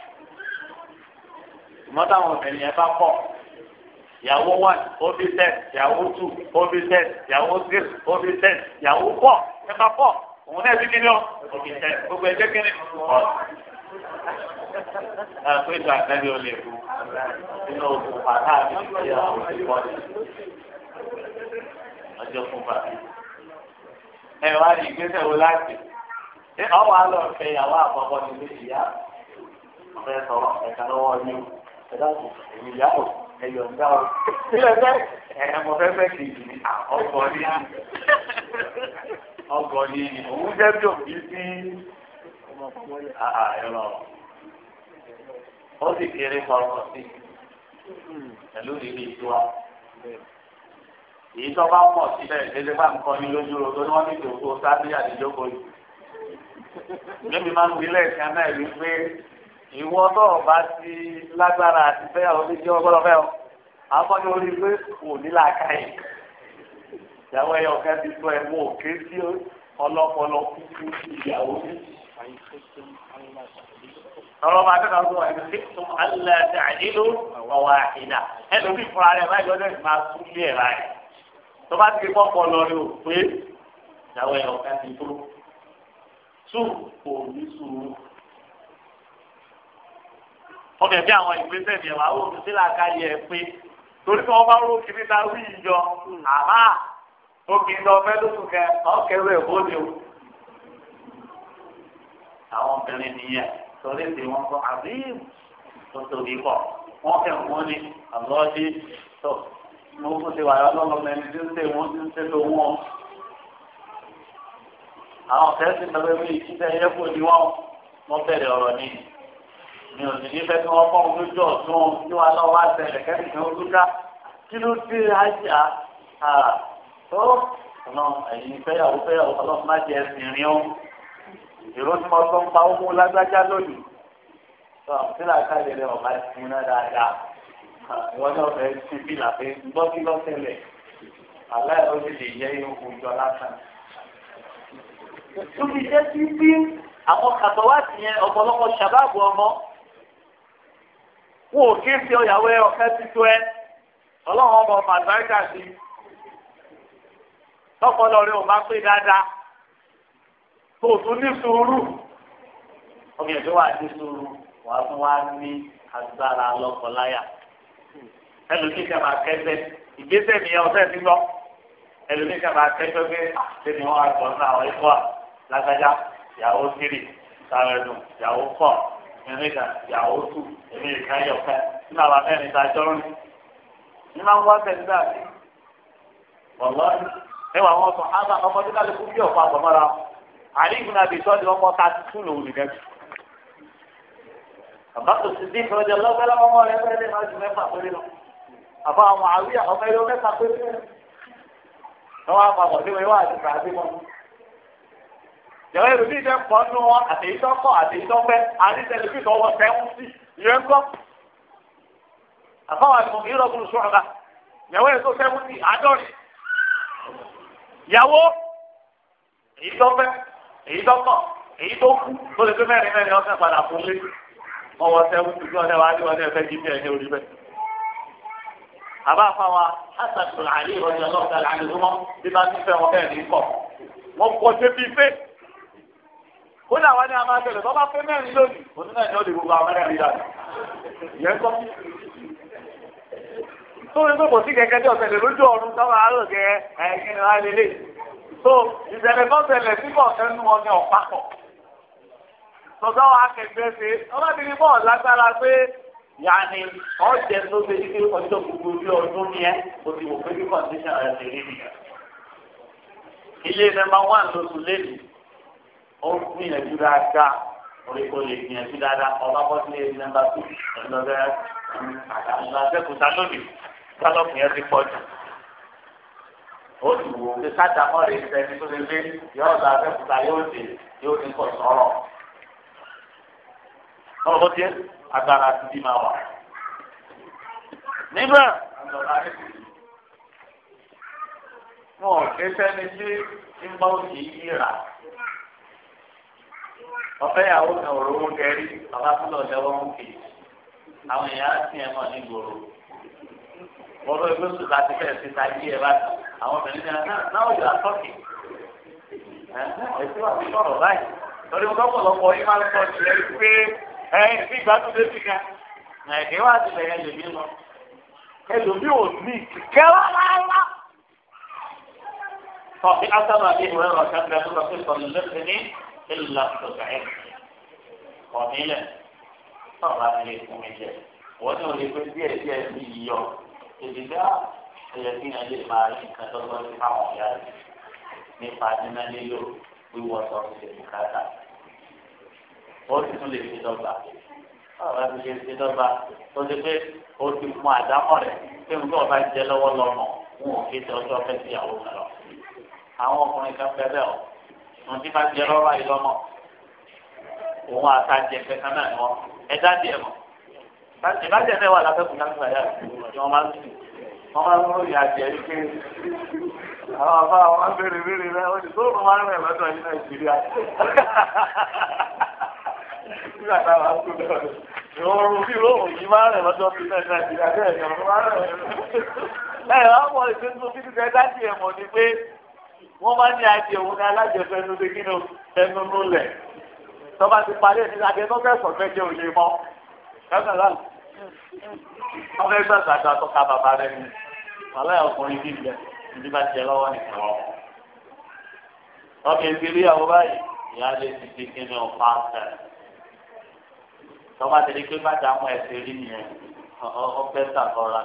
ìmọ̀tàwọn obìnrin yẹn bá pọ̀ yàwó one obi ten yàwó two obi ten yàwó three obi ten yàwó four ẹ̀ka four òun náà ti ní lọ obi ten gbogbo ẹgbẹ́ kínní ọ̀ àpò ìgbà àtẹ́bí ò lè kú nínú oògùn bàtà àti ìdílé àwọn òṣìkọ́ ni ọjọ́ fún bàbí. ẹ wá ní ìgbésẹ̀ wo láti ṣé ọwọ́ àlọ́ ọ̀fẹ́ ìyàwó àkọ́kọ́ ni méjì yá ọ̀fẹ́ sọ̀rọ̀ ẹ̀ka lọ́wọ́ yín ẹ̀dá òṣìṣẹ́ ìyá òṣìṣẹ́ ẹ̀yọ̀ ń dá o sílẹ̀ fẹ́ ẹ̀ mo fẹ́ fẹ́ kì í ní ọgọ́ ní ọgọ́ òun jẹ́ bí òbí sí ẹ̀rọ ó sì kéré pọ̀rọ̀ sí pẹ̀lú ìrírí ìtura èyí tó bá pọ̀ sílẹ̀ ìdílé bá ń kọ́ ní lójú ro tó ní wọ́n ní ìdòkó sábẹ́ àdìjókòó yìí. Mẹ́mi máa ń wí lẹ́ẹ̀kan náà wí pé ìwọ náà bá ti lágbára àti fẹ́yàwó méjì ọgbọ́dọ̀ fẹ́ ọ àbọ̀dé orí pé kò ní làákà yìí ìyàwó ẹ̀yọ̀ kan ti sọ ẹ̀ wọ́n ké sí ọlọ́pọlọ kúkú ìyàwó méjì. Ọ̀rọ̀ máa tẹ́ka sọ ẹ̀ ṣe tó alẹ́ àti àdínú ọ̀wà ìdá. Ẹnu bí fúnra rẹ̀ báyìí lọ́dẹ̀ máa tún lé ẹ̀ láyé. Tó bá ti kọ́ pọ̀ lọ rí o pé ìyàwó ẹ̀yọ̀ kan ti tó. Tún kò ní sùúrù ọbẹ̀ bí àwọn ìgbésẹ̀ yẹn wà wò sí làákà yẹ pé torí kí wọ́n bá rò kí níta wí ìjọ àmà obìnrin lọ fẹ́ lóṣù kẹ ọ̀kẹ́rù ẹ̀ bóde o. àwọn obìnrin nìyẹn torí pé wọ́n kọ́ àbíyìn tó tóbi kọ̀ wọ́n kẹ́ wọ́n ní àlọ́ọ̀dí tó mo kún ti wà yọ lọ́lọ́ mẹ́rin tí ń tẹ̀ wọ́n ti ń tẹ̀ tó wọ́n. àwọn ọ̀fẹ́ sì lọ́wọ́ ẹgbẹ́ ìṣiṣẹ́ ẹ̀yẹ́kùn ni wọ́n wọ́n bẹ̀rẹ̀ ọ̀rọ̀ nìyí mi ò sì ní fẹ́ kí wọ́n fọ́ ohun lójú ọ̀tún kí wọ́n lọ wá tẹ̀lé kẹ́nìkan ó lúdá kí ló dé ajá tó ọ̀nà ẹ̀yìn fẹ́yàwó fẹ́yàwó ọlọ́run má jẹ ẹ̀sìn rin ó ìró tí mo sọ ń pa owó lágbájá lónìí tó àbúrò àkàlẹ̀ rẹ̀ ọ̀bá ti múná dáadáa ìwọ́n náà fẹ́ ti bí làbẹ́ gbọ́ kí lọ́ tẹ̀lẹ̀ àláì ó lè yẹ ìhòòhò jọ tó fi jẹ́ sí bí àwọn kàtọ́wá ti yẹn ọ̀pọ̀lọpọ̀ ṣàbáàbò ọmọ wọn ò ké sí ọ̀yàwó ẹ ọ̀fẹ́ títú ẹ ọlọ́run ọmọ ọmọ àgbáríkà sí tọpọlọ rẹ ò bá pé dáadáa tó tún ní sùúrù ọmọ ẹ̀dọ́ wà ní sùúrù wà á tún wá ní agbára lọ́kọláyà ẹlòmíì kẹ́ máa kẹ́gbẹ́ ìgbésẹ̀ nìyẹn ọ̀sẹ̀ ti gbọ́ ẹlòmíì kẹ́ máa kẹ́gbẹ́ pé ah, ṣé ni wọ́n á gbọ́ ní àwọn ikọ́ lágbájá ìyàwó sírì sáré nù ìyàwó kọ́ ẹ̀mí kan yàwó tù ẹ̀mí kan yọ̀kẹ́ nínú àwọn abẹ́rẹ́ ta jọ́rọ́ ni. ní máa ń wá bẹ̀rẹ̀ dáa sí. wọ́lọ́ ẹ wà wọ́n sọ ábà ọmọdé náà lè kú bí ọ̀pá àgbọ̀mọ́ra àríkùn náà bìí sọ́ọ́dì ọmọ ta ti tún lòun nìkan jù. bàbá tó ti dín ìfọ̀jọ lọ́gbẹ́lá ọmọ rẹ fẹ́ẹ́ lé máa ju mẹ́fà péré lọ. àbá àwọn àríyá ọmọ ẹ̀rọ mẹ́fà péré lọ. wọ́n wá pa yàrá ìlú bíi dẹ́kọ̀ nù wọn àtẹ̀yítọ́ kọ́ àtẹ̀yítọ́ pẹ́ àti tẹlifíṣọ̀ wọ sẹ́wọ́n sí ìyẹn kọ́. àfáwọn àti mọ̀kì ìrọ̀gùn sọ̀rọ̀ yàwó èso sẹ́wọ́n sí àádọ́rin. yàwó èyí tó pẹ́ èyí tó kọ̀ èyí tó kú tó lè tó mẹ́rin mẹ́rin ọ̀sẹ̀ padà fún lé. wọ́n sẹ́wọ́n sí ọ̀nẹ́ wa ní ọ̀nẹ́ fẹ́ jíjẹ́ ẹ̀yẹ orí bẹ́ẹ̀. àbá ó ní àwọn ní a máa tẹ̀lé tó bá fẹ́ mẹ́rin lónìí òní náà ni ó di gbogbo àwọn mẹ́rin yá yẹn kọ́. tó ní kò sí kẹ̀kẹ́ tí ọ̀sẹ̀ lè lójú ọ̀run tó máa rò kẹ́ ẹ̀ kí ni wọ́n lè tó ìṣẹ̀lẹ̀ tó ṣẹlẹ̀ sí bọ̀ sẹ́nu wọn ní ọ̀pákọ̀. tọ́jọ́ wa kẹ̀kẹ́ ṣe ọlọ́bìnrin bọ́ọ̀ lágbára pé yanni ọ̀jẹ̀ tó ṣe ní ọjọ́ gbogbo bí ọdún yẹn o ti wò pé bí kọ̀ǹdíṣàn rẹ̀ ṣe rí nìyẹn. ilé nọ́mbà wán lóṣù lélẹ̀ ó ń gbìyànjú dáadáa orí kò lè gbìyànjú dáadáa ọba bọ́ sílé ẹni nàmbà tó ẹnlọ́dẹ àtàkùnṣe lónìí sálọ́ọ̀kì yẹn ti pọ̀ jù ó sì wò ó pé káta ọ̀rẹ́ ìsẹ́ni tó lè gbé yọ̀ọ́ lọ abẹ́kúta yóò dé yóò ní kọ̀ sọ̀rọ̀ ọ̀rọ̀ bó ti agbára ti di máa wà nígbà wọn ò ké sẹ́ni tí ń bá òsì yíra ọ̀fẹ́ yàwó kan ò rówó kẹrí bàbá tó lọ lẹ́wọ́ ń kì í àwọn èèyàn á sì ẹ̀ mọ̀ ní gbòòrò wọ́n lọ ẹgbẹ́ sùn láti bẹ̀rẹ̀ sí ta yí ẹ̀ bá àwọn obìnrin náà náà ó yà sọ́ọ̀kì ẹ̀sìn wà fún ọ̀rọ̀ báyìí lórí ọ̀pọ̀lọpọ̀ yìí máa ń sọ ìṣẹ̀lẹ̀ pé ẹ̀ ní ìgbàdúgbò sí kan ẹ̀kẹ́ wá ti bẹ̀rẹ̀ ẹlòmí lọ ẹlòmí ò ní ìkẹ́ rárá. tọ́sí ásámà bíi ìwé ọ̀rọ̀ kẹ́kẹ́ tó lọ sí sọ̀rọ̀ lẹ́sìn ní. إلا تطعم قليلا طبعا عليكم الجهل وأنا أريد أن أقول لك ẹyẹ kí ẹ lè máa rí nǹkan tó lọ sí àwọn ọ̀yá rẹ̀ nípa níná lílo wíwọ sọ ṣe bùkátà. ó sì tún lè fi dọ́gba ọ̀rọ̀ ti lè fi dọ́gba tó ti pé ó ti mú àdámọ̀ rẹ̀ pé n gbọ́dọ̀ bá jẹ́ lọ́wọ́ lọ́mọ wọn ò fi tẹ ọjọ́ fẹ́ sí àwọn ọ̀nà lọ. àwọn ọkùnrin kan fẹ́ bẹ́ẹ̀ wọn ti máa jẹ rọra yìí lọmọ òun àtàjẹ kankan náà ni wọn ẹ̀dá díẹ̀ mọ ìbájẹ náà wà lábẹ́kùn lágbà yá ni wọn máa ń sùn wọn máa ń mú ìyá jẹ ike àwọn àbá wọn máa ń béèrè béèrè rẹ wọn ti sóòrùn máa ń rìn lọ́dọ̀ ní nàìjíríà nígbà táwọn akúndọ̀ ìrọ̀rùn bí lóòrùn yìí máa ń rìn lọ́dọ̀ ní nàìjíríà bẹ́ẹ̀ ni ọ̀run máa ń rìn lọ́dọ̀ ẹ̀ wọ́n mọ̀ ìṣètò fífi wọ́n máa ní àìdí òun ní alájẹsẹ́nu ti kí ni ẹnu nù lẹ̀ tọ́ba ti parí ẹni adé tó fẹ́ sọ̀tẹ́ jẹ́ òye mọ́ ẹ̀ka láà wọ́n fẹ́ gbà sàdá tó ka bàbá rẹ̀ ni wàhálà ọkùnrin bí ilẹ̀ ìdí bá tiẹ̀ lọ́wọ́ nìkan lọ. ọkùnrin ti rí àwọn báyìí ìyá lè ti di kí ni ọ̀pá ọ̀sẹ̀ tọ́ba ti di pé bàtà mọ́ ẹ̀sẹ̀ rí nìyẹn ọ̀pẹ́ sàkọ́ra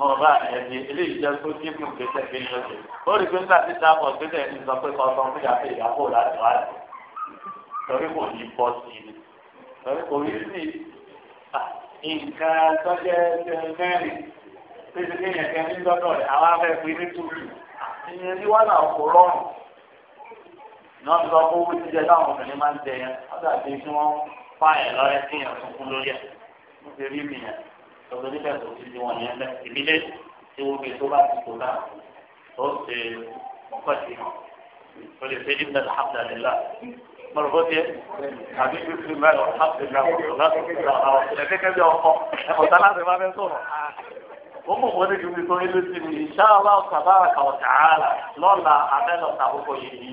mọ bá ẹbí eléyìí jẹ kó dínkù gbèsè bí lóde ó rí i pé nígbà tí sábọ gbèsè ẹni sọ pé kọ sọ fún yàtọ̀ ìyàwó láti wá sí torí kò ní bọ sí i torí kò ní sí nǹkan sọjẹ mẹ́rin títí ní yẹn kẹ ní lọ́dọ̀ rẹ àwọn afẹ pé ní túbú ìyẹn ní wàhálà kò rọrùn náà ń sọ fún jíjẹ táwọn obìnrin máa ń jẹ yẹn ọjà tí wọn fà ẹ lọrẹ sí yẹn tuntun lórí ẹ tọ́jú níbẹ̀ tó ti di wọn yẹn lẹ́ ìbílẹ̀ tí wọ́n fi tó bá ti tó náà ó ṣe ọkọ̀ sí hàn ó lè ṣe ìbílẹ̀ alhamdulillah mọ̀lùbọ́ tiẹ̀ àbí fífi mẹ́lọ̀ alhamdulillah àwọn ọ̀sẹ̀ kẹ́kẹ́ ọkọ̀ ẹ̀kọ́ láti máa fẹ́ sọ̀rọ̀ ó mọ̀ wọ́n ní kí n tó ilé sí mi ìṣáàlá ọ̀sàbára kà ọ̀tàrà lọ́la abẹ́lọ̀ta àkókò yìí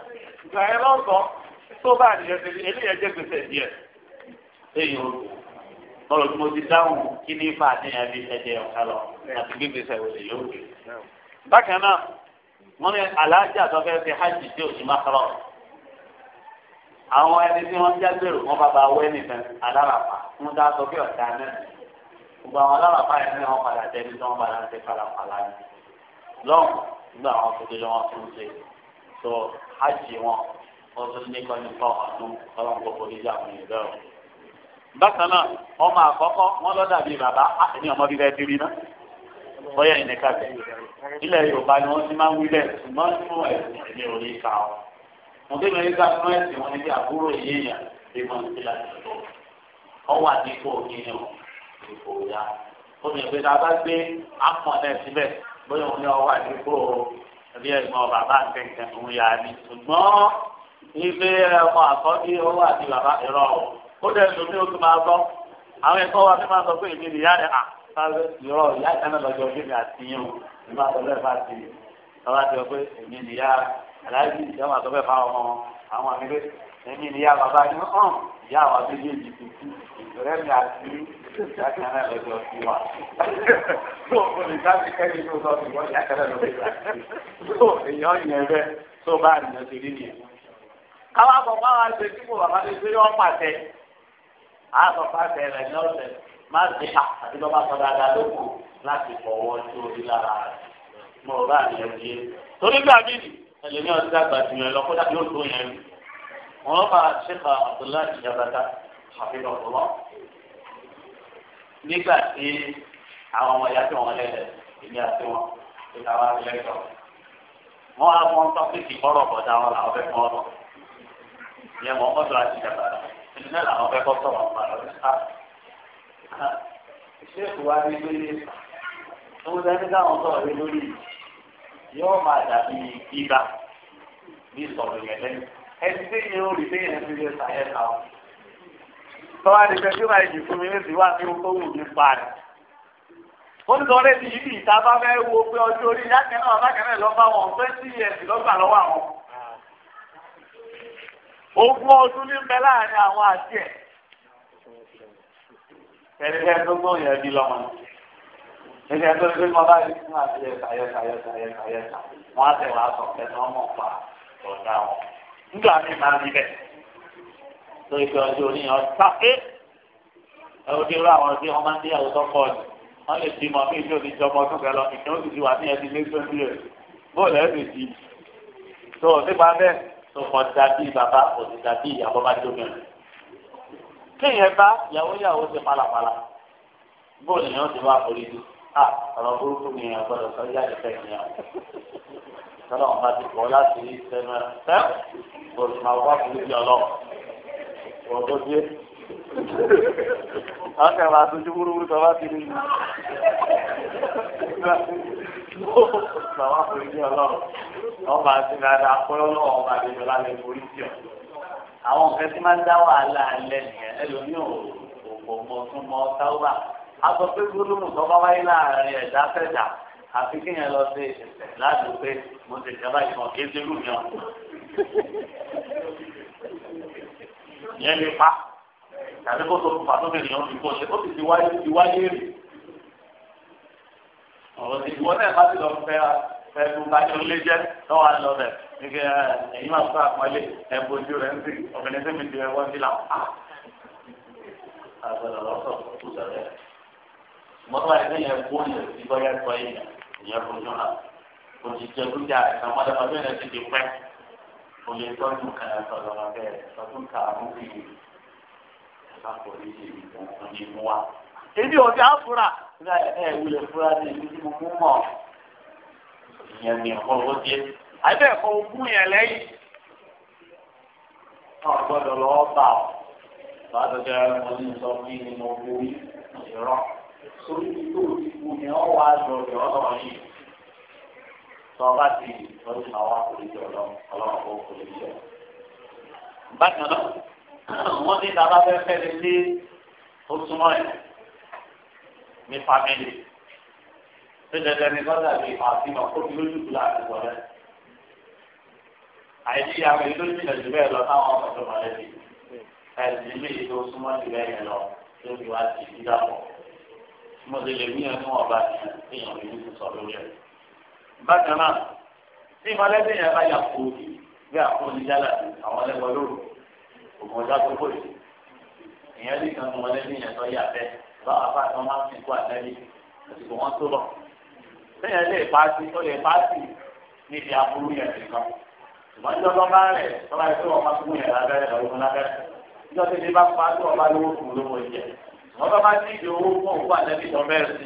ìgbà yẹn lọ́sọ̀ tó bá àdìyẹ ti di eléyẹ jẹ́ gbèsè díẹ̀ èyí o lọ́rọ̀ tí mo ti dáhùn kí ní fa àdéhùn bí ẹ̀jẹ̀ ọ̀ká lọ àti gbígbèsè wò lè yóò gbé. bákan náà wọ́n ní aláàjà tó fẹ́ fi hajj tí òsì máa kọ́rọ̀ àwọn ẹni tí wọ́n jágbèrò wọn bá ba wẹ́ nìkan aláràpá ń dá sọ ọ̀tá náà gbogbo àwọn aláràpá yẹn ní tó hajj wọn wọ́n tún ní kọ́ni fún ọdún ọlọ́run gbogbo níjà fún ìlú ẹ̀rọ. bákan náà ọmọ àkọ́kọ́ wọn lọ́dà bíi bàbá àtẹ̀ní ọmọ bíbẹ́ ti rí náà bọ́yá ìnìkà bẹ̀. ilẹ̀ yorùbá ni wọ́n ti máa ń wí bẹ́ẹ̀ ṣùgbọ́n fún ẹ̀sìn ilé orí ká ọ. mo dé mẹ́ríkà fún ẹ̀sìn wọn ní bí àbúrò yéèyàn bí wọ́n ti là lọ́dọ̀. ọ wà ní ipò yíyan ipò ya. ó ní ìgbésẹ̀ abá gbé akọ̀ náà síbẹ̀ bóyá ẹbí ẹ̀gbọ́n bàbá kẹ̀kẹ́ ń ya ni ṣùgbọ́n ife ọmọ àkọ́bí owó àti bàbá ìrọ̀ ó dẹ̀ tó ní oṣù máa gbọ́ àwọn ẹ̀kọ́ wa fi máa sọ pé èmi nìyá rẹ̀ à ìrọ̀ ìyá ìkànnì lọ́jọ́ bí mi àti yín o ní máa sọ bẹ́ẹ̀ bá ti ọba ti sọ pé èmi nìyá aláìsí ìjọba sọ bẹ́ẹ̀ fáwọn ọmọ àwọn àmì èmi ni yá bàbá yín hàn ìyá àwọn méjèèjì ti kú ìrẹ́ mi àti ìdájọ́ náà lọ́jọ́ sí wa. tó o lè dá mi kẹ́yìn tó sọ ìwọ ìyá kẹ́lẹ́ ló fi rà tó èèyàn yẹn bẹ́ẹ̀ tó bá àdìyàn ti rí káwá bọ̀ bá wa ṣe kí mo bàbá mi gbé yọ pàṣẹ àbọ̀ pàṣẹ rẹ̀ ní ọ̀sẹ̀ má ṣe hà àti bàbá sọ dáadáa ló kù láti fọwọ́ tó o rí lára rẹ̀ mo bá àdìyàn ti yé wọ́n bá ṣèkà abdullahi jabata àfihàn ọ̀pọ̀lọ́ nígbà tí àwọn ọmọ ìyá tí wọ́n lẹ́lẹ̀ ìní àti wọn ìta wọn ti lẹ́kọ̀ọ́ wọ́n á mọ tọ́pìkì ọ̀rọ̀ bọ̀dá wọn làwọn fẹ́ kọ́ ọ̀rọ̀ ìyẹn mọ̀ ọ́dọ̀ àti jabata ìdí náà làwọn fẹ́ kọ́ sọ̀rọ̀ ọ̀pọ̀ àlọ́ ṣé ìwà ni pé tó ń sẹ́ni káwọn sọ̀rọ̀ lé lórí yóò máa dàbí ibà ní sọ̀rọ̀ yẹn lẹ́yìn ẹtí yẹn ò rí bí yẹn ti lè fà yẹn kà ó. tọ́wá ni pẹ̀lú máa yìí fún mi létí wá sí owó òwò mi pa rẹ̀. ó ní sọ́ọ́rẹ́ ti yìí ìta bá fẹ́ wo pé ọjọ́ orí yákẹ́ náà bákẹ́ náà lọ́ọ́ bá wọn twenty years lọ́gbà lọ́wọ́ àwọn. ogún ọdún ní bẹ láàrin àwọn àti ẹ̀. ẹnikẹ́ni tó gbóhùn yẹn bí lọ́mọ ẹnikẹ́ni tó gbé wọn bá yìí fún àti ẹ̀ka ẹ̀ka ẹ̀ka ẹ̀ka ẹ̀ka wọn á tẹ̀ sọ̀ ẹ̀ka ọmọ pa ọ̀dà wọn nígbà mi máa rí bẹ́ẹ̀ lórí pé ọjọ́ oníyàn sáké ẹ̀rọ bí irú àwọn tí wọ́n máa ń dé àwùjọ pọ̀ jù wọ́n lè bímọ bí ìjọ ní ìjọba ọdún kan lọ ìjọ sì ti wà ní ẹbí lẹ́gbẹ̀ẹ́ sílẹ̀ bóòlù ẹ̀ lè di tó nípa bẹ́ẹ̀ tó kọ́ dàbí bàbá kò sì dàbí ìyàbọ̀ bá jókè kéèyàn bá yàwó yàwó ti palapala bóòlù yẹn ó ti wá forí ah, ni tọ́lá ọ̀gá ti kọ́ láti sẹ́nu ẹ̀ bọ̀dù máa wá fún ìdí ọlọ́ọ̀ ọ̀dọ́ díẹ̀. àwọn kan máa dojú wúrúwúrú tó bá ti rí i. bọ̀dù máa fún ìdí ọlọ́ọ̀ ọba àti dáadáa pẹ́rọ́ lọ́wọ́ ọba àti ìjọba lè forí jọ. àwọn nǹkan tí máa ń dá wàhálà alẹ́ nìyẹn ẹlòmíì ò kò mọ̀ tún mọ́ táwọn. a sọ pé gbólóhùn tó bá wáyé láàárín ẹ̀dá fẹ̀dá àfi kí yẹn lọ sí láti pé mo ti jẹba ìmọ̀ kí n ti lù yàn. yẹn lè pa tàbí kó tó fún pàtó mi nìyẹn fi kó ṣe ó sì ti wáyé ti wáyé rè. ọ̀rọ̀ ti ìwọ náà bá ti lọ fẹ́ fẹ́ fún báyọ̀ lé jẹ́ lọ́wọ́ á lọ bẹ̀ ẹ̀yin máa fún àpọ́nlé ẹ̀ bójú rẹ̀ ń sìn ọ̀gbìn tí mi ti rẹ̀ wọ́n ti pa. àgbàdo lọ́sọ̀ tó sọ̀rọ̀ ẹ̀ mọ́tò àìsàn yẹn kó yẹn ti bọ́ yẹn ìyẹn fojú hàn òjijì ẹgbẹ́jà ẹ̀ka mọ́tàmọ́tà ẹ̀rẹ́ ti di pẹ́ olè tọ́jú kan ẹ̀sọ́ lọ́wọ́ bẹ́ẹ̀ tọ́jú kan àmúfi ẹ̀ka kò ní ṣe ìgbọ̀n ní mú wa. èmi ò fi àfúrà nígbà ẹ̀ wulẹ̀ fúra ní ibi tí mo mú mọ̀ ìyẹn mi ọ̀pọ̀ owó díẹ̀ àbẹ́ ẹ̀kọ́ ogún yẹn lẹ́yìn ọ̀gbọ́dọ̀ lọ́wọ́ bá ọ bá a tọ́jú ẹ̀rọ mo ní sọ fún yín ni mo òkú ni wọ́n wá lórí ọ̀rọ̀ yìí tó ọba ti lọ́dún àwọn akọ̀lẹ́jọ ọlọ́run kó kọ̀lẹ́jọ. bákan náà wọ́n ní ìdáná fẹ́ fẹ́ lé ní oṣù mọ́ ẹ̀ ní fámìlì tó dẹdẹ ní gbọ́dọ̀ bí àfihàn kó bí lójú kúlà àti wọlé. àìsí àwọn ìlú ìjìnlẹ̀ jù bẹ́ẹ̀ lọ táwọn ọmọ tó mọ̀lẹ́bí ẹ̀sìn mí ìlú oṣù mọ́ jù bẹ́ẹ̀ yẹn lọ lórí wá sí ìdílé àpọ̀ mo lè lè mí ẹni wọn bá èèyàn mi ní sọ lórí ẹ. bákan náà tí ìmọ̀lẹ́bí yẹn bá yà kó bí àkóni yálà àwọn ẹlẹ́gbọ́n lóru ògùn ọjà tó bòyí ìyẹn lè kan mọ̀lẹ́bí yẹn tó yà bẹ́ẹ̀ bá wà fà tó máa ń sìnkú àtẹ́lẹ́ àsìkò wọn tó lọ. bẹ́ẹ̀ lè pàṣẹ ó lè pàṣẹ níbi aburú yẹn nìkan ṣùgbọ́n tí ọlọ́ba rẹ̀ tọ́ba yẹn tó wọ́n máa wọn bá bá ti di owó fún òkú àtẹ́bí tó bẹ́ẹ̀ sí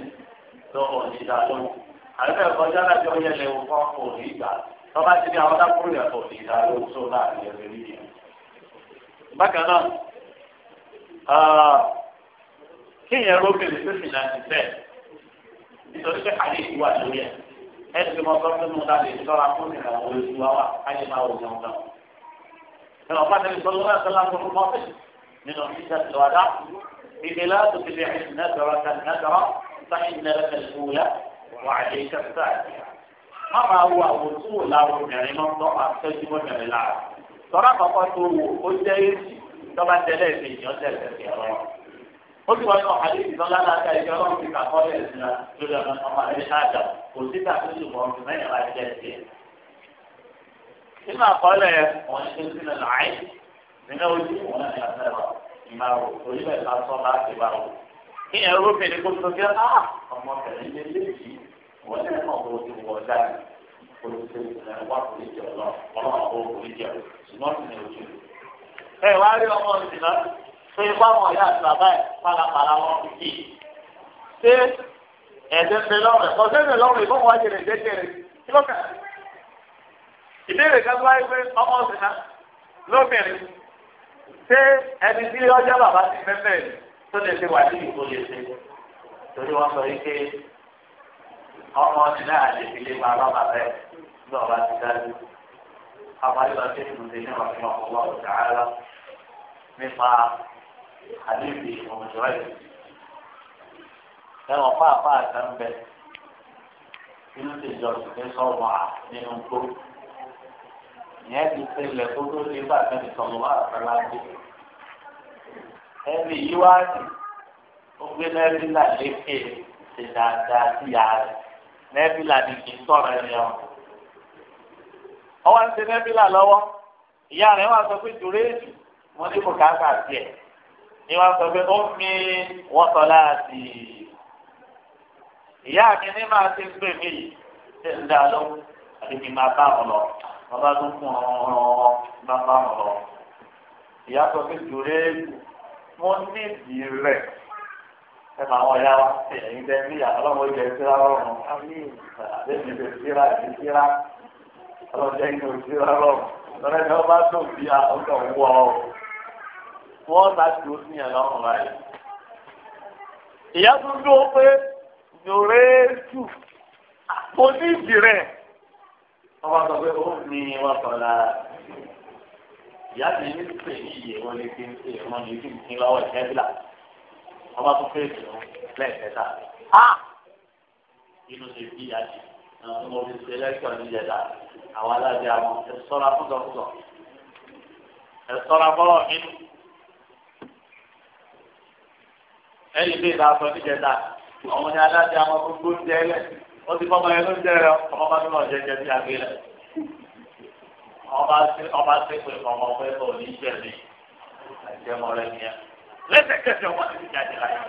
tó òní ìdá ló àbẹ́ ẹ̀kọ́ jọ́lá tí ó lè wò fún òní ìgbà tó bá ti di àwọn dákúrò yẹn kò ní ìdá ló tó láàrin ẹ̀rọ yìí. bákan náà kí ìyẹn rókèlè tó fi náà ti nítorí pé àlè ìwà lórí ẹ̀ ẹsẹ mọ sọ fún mi láti ìṣọra fún mi àwọn oṣù wa wà káyé máa wò بخلاف تبع نذرة نذرة فإن لك الأولى وعليك الثانية أما هو وصول له يعني من ضاع تجمع من العالم ترى فقطه قديس طبعا تلاقي في جزء كثيرة قلت وانا حديث صلى الله عليه وسلم في كفاية الإسلام جزء من أمر الحاجة قلت تعطيه مرمى على جزء إما قال وأن العين من أول يوم ولا ìmá wò onílẹ̀ lásán bá bá wò. kí ẹ rúfin kó tó kí á ọmọ tẹ̀lé ilé léyìí wọ́n lè mọ̀ kó ti wọ̀ dáa olùsè ẹ̀ wá polisi ọ̀lọ́ ọlọ́run àwọn polisi ọ̀ ṣùgbọ́n sì ni ojú. ẹ wá rí ọmọ ìsìnà pé báwọn ìyá àti bàbá ẹ̀ pálapàla wọn fi kì ṣé ẹ̀jẹ̀ ń bẹ lọ́rùn ọ̀sẹ̀ ń bẹ lọ́rùn ìbọn ṣé ẹni tí ọjọ́ bàbá ti fẹ́fẹ́ tó lè ṣe wà ní ìbò lè ṣe torí wọ́n sọ yìí pé ọmọ ọdún náà lè fi lè máa bá bàbá ẹ̀ ní ọba ti dájú àwọn àyíká tó ń ní ọ̀rọ̀ fún ọ̀pọ̀ ara nípa àléébì ọ̀dọ́ ẹ̀ ẹ̀wọ̀n pàápàá kan bẹ inú tèjọ́ ìgbésọ̀wà nínú ìyẹn ti ṣẹlẹ̀ tó tó ṣe bá àtẹ̀lẹ̀ sọ̀rọ̀ wá àtàlà dé. ẹni yìí wá sí ó gbé nẹ́bílà lékè ṣe dáadáa sí ìyá rẹ̀ nẹ́bílà ni kì í sọ̀rọ̀ ẹni ọ̀. ọwọ́ ń ṣe nẹ́bílà lọ́wọ́ ìyá rẹ̀ wá sọ pé jùrẹ́ẹ̀dì wọ́n ní kò káàkà sí ẹ̀ ni wọ́n sọ pé ó mi wọ́n sọ láti ìyá mi ní máa ti ń mí ṣe ń dá lọ́wọ́ àti mi máa bá ọ lọ bàbá tó kún ọ̀rọ̀ wọn bá lọ. ìyá sọ pé jòlè mo ní ìdí rẹ̀ ẹ máa wọ ya wa ẹ̀yin tẹ́ ní ìyàtọ̀ lọ́wọ́ ìjẹ́ ìṣẹ́ra lọ́rùn àbẹ́bí ìṣẹ́ ìṣẹ́ra ìṣẹ́ra ọlọ́jẹ́ ìṣẹ́ ìṣẹ́ra lọ́rùn lọ́rẹ́ ni wọ́n tó bí ọjọ́ wọ ọ́ wọ́n bá tó sí ẹ̀ lọ́rùn báyìí. ìyá tó dúró pé jòlè jù mo ní ìdí rẹ̀ ọba sọ pé ó ní wọn sọlá ìyá mi ní pè ní iye wọn lè fi ń pè wọn ní ibi ìpín lọ́wọ́ ìtẹ́bílà ọba tó pè sí wọn lẹ́ẹ̀kẹta á inú ṣe bí àjì mo fi ṣe lẹ́kọ̀ọ́ níjẹta àwọn alájẹ àwọn ẹ sọ́ra fúnṣọfúnṣọ ẹ sọ́ra fọ́lọ́ nínú ẹ̀yìn bí ìlà níjẹta ọmọ ní alájẹ àwọn gbogbo ń jẹ́ lẹ́sìn ó ti fọ́ ọmọ yẹn ló ń jẹ́ rẹ ọmọ bá nínú ọ̀jẹ̀ jẹ́ sí agbélẹ̀ ọba sí ọba sí pé ọmọ pé kò ní jẹ mi ẹ̀jẹ̀ mọ́ rẹ nìyẹn lẹ́sẹ̀kẹsẹ̀ wọ́n ti jáde láyé.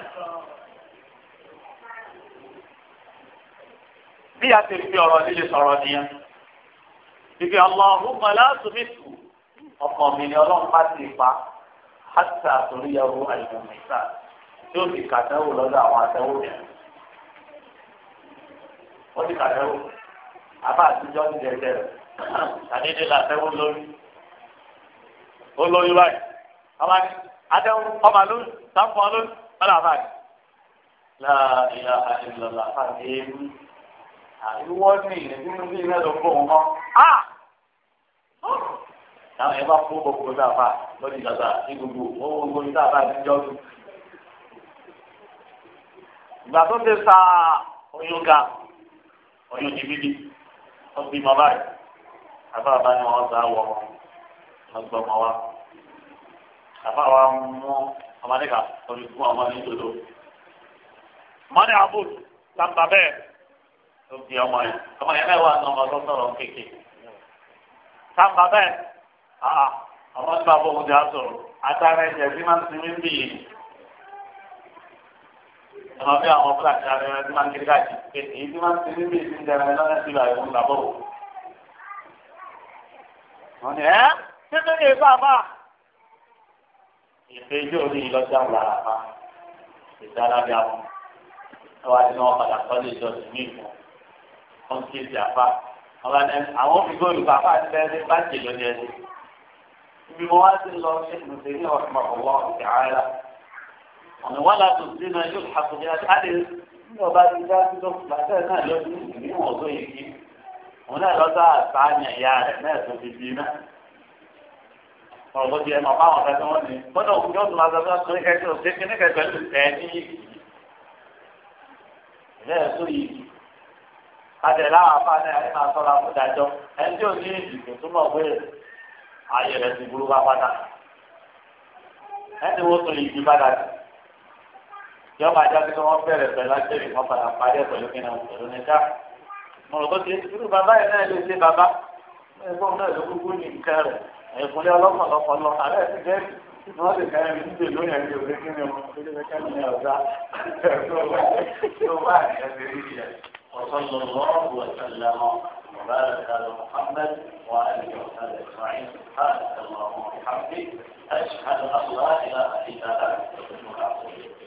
bí a ti rí bí ọ̀rọ̀ líle sọ̀rọ̀ nìyẹn ibi ọlọ́run mọ̀lá tóbi ọkàn mi ni ọlọ́run bá ti pa hàtà torí ẹrú àìmọ̀ mẹ́ta tí ó fi kàtẹ́wò lọ́dọ̀ àwọn àtẹ́wò yẹn wọ́n ti kàtẹ́wò àbá àtijọ́ ti dẹ̀dẹ̀ rẹ̀ àdédé làtẹ́wò lórí olórí wáyé ọba ní àtẹ́wò ọba lórí sáfù ọlórí ọlá àbá ní. láàrin àìlọ́lá àti ewu àìwọ́ ní ìrètí nínú bí ìrẹ́lẹ̀ ògbó wọn mọ́. táwọn ẹ bá kó gbogbo sáfà lórí ìjọba ní gbogbo owó gbogbo sáfà àtijọ́ ìgbà tó ti sa oyún ga oyún ti bíbí ó bí mọ báyìí àbá bá ní wọn sá wọ wọn gbọ mọ wa àbá wa mú ọmọdé kan olùkú ọmọ ní dodo mọ́ni abud làǹbà bẹ́ẹ̀ tó bí ọmọ yẹn ọmọ yẹn mẹ́wàá ní ọmọ tó sọ̀rọ̀ kéèké làǹbà bẹ́ẹ̀ ọmọ tí bàbá òun ti àtàrà ẹ̀jẹ̀ bí máa ń sinmi ń yìí ẹ̀rọ bí àwọn fúlàní ààrẹ ẹni máa ń kiri káàkiri pé èyí tí máa ń tẹ̀lé bí èyí ń dẹrẹ lọ́rẹ́ sí ìlànà ìwọ̀n làbọ̀ wò. wọ́n ní ẹ́ ṣé tó lè bá a bá a. ìfẹ́ ijó ní ìlọ́jà ń lára pa ìta alábí àwọn ẹwà tí wọ́n padà sọ ní ìjọ sí mímu wọ́n kí ìsì àfa àwọn òfìgbó ìlú àfa ti bẹ́ẹ̀ ní báńkì lónìí ibi mo wá sí lọ sí ìlú wọ́n la tó sí náà yóò ṣàkóso àti àdé ní ọba ti dá sí tó gbàtẹ náà lọ́dún ní ìwọ̀n tó yẹ kí òun náà lọ́sà àtàyàn ìyá rẹ̀ náà tó fi bí náà. ọ̀rọ̀ ti ẹ̀ mọ̀ fáwọn ọ̀gá tí wọ́n ní kọ́nà òkú yóò tún aṣọ tó ń kẹ́kẹ́ òṣè kí níkẹ́ pẹ̀lú ẹ̀ ní ilé ẹ̀ tó yìí. àti ẹ̀ láwọn afá náà ẹ̀ máa sọ́ra fún ìdájọ́ ẹni tí ò ní ìdìbò túmọ̀ pé ayẹ̀rẹ̀ ti burú pápátá ẹni wo tó yìí ti bá dájú yọ máa jáde kí wọ́n bẹ̀rẹ̀ pẹ̀lú ajẹ́rìí wọn padà parí ẹ̀ pẹ̀lú kí náà pẹ̀lú níta. mo rò bóti irú bàbá yẹn náà lè ṣe bàbá ẹ̀gbọ́n náà ló kúkú ní nǹkan rẹ̀ ẹ̀kúnlẹ̀ ọlọ́kànlọ́kàn lọ àlẹ́ ti jẹ́ wọ́n lè ká ẹni níbi lóyún ẹni òwe kí ni wọ́n lè ká ẹni ọ̀gá ẹ̀kọ́ wà ẹ̀ وصلى على محمد وآله وصحبه أجمعين سبحانك اللهم وبحمدك أشهد أن لا إله إلا أنت أستغفرك وأتوب إليك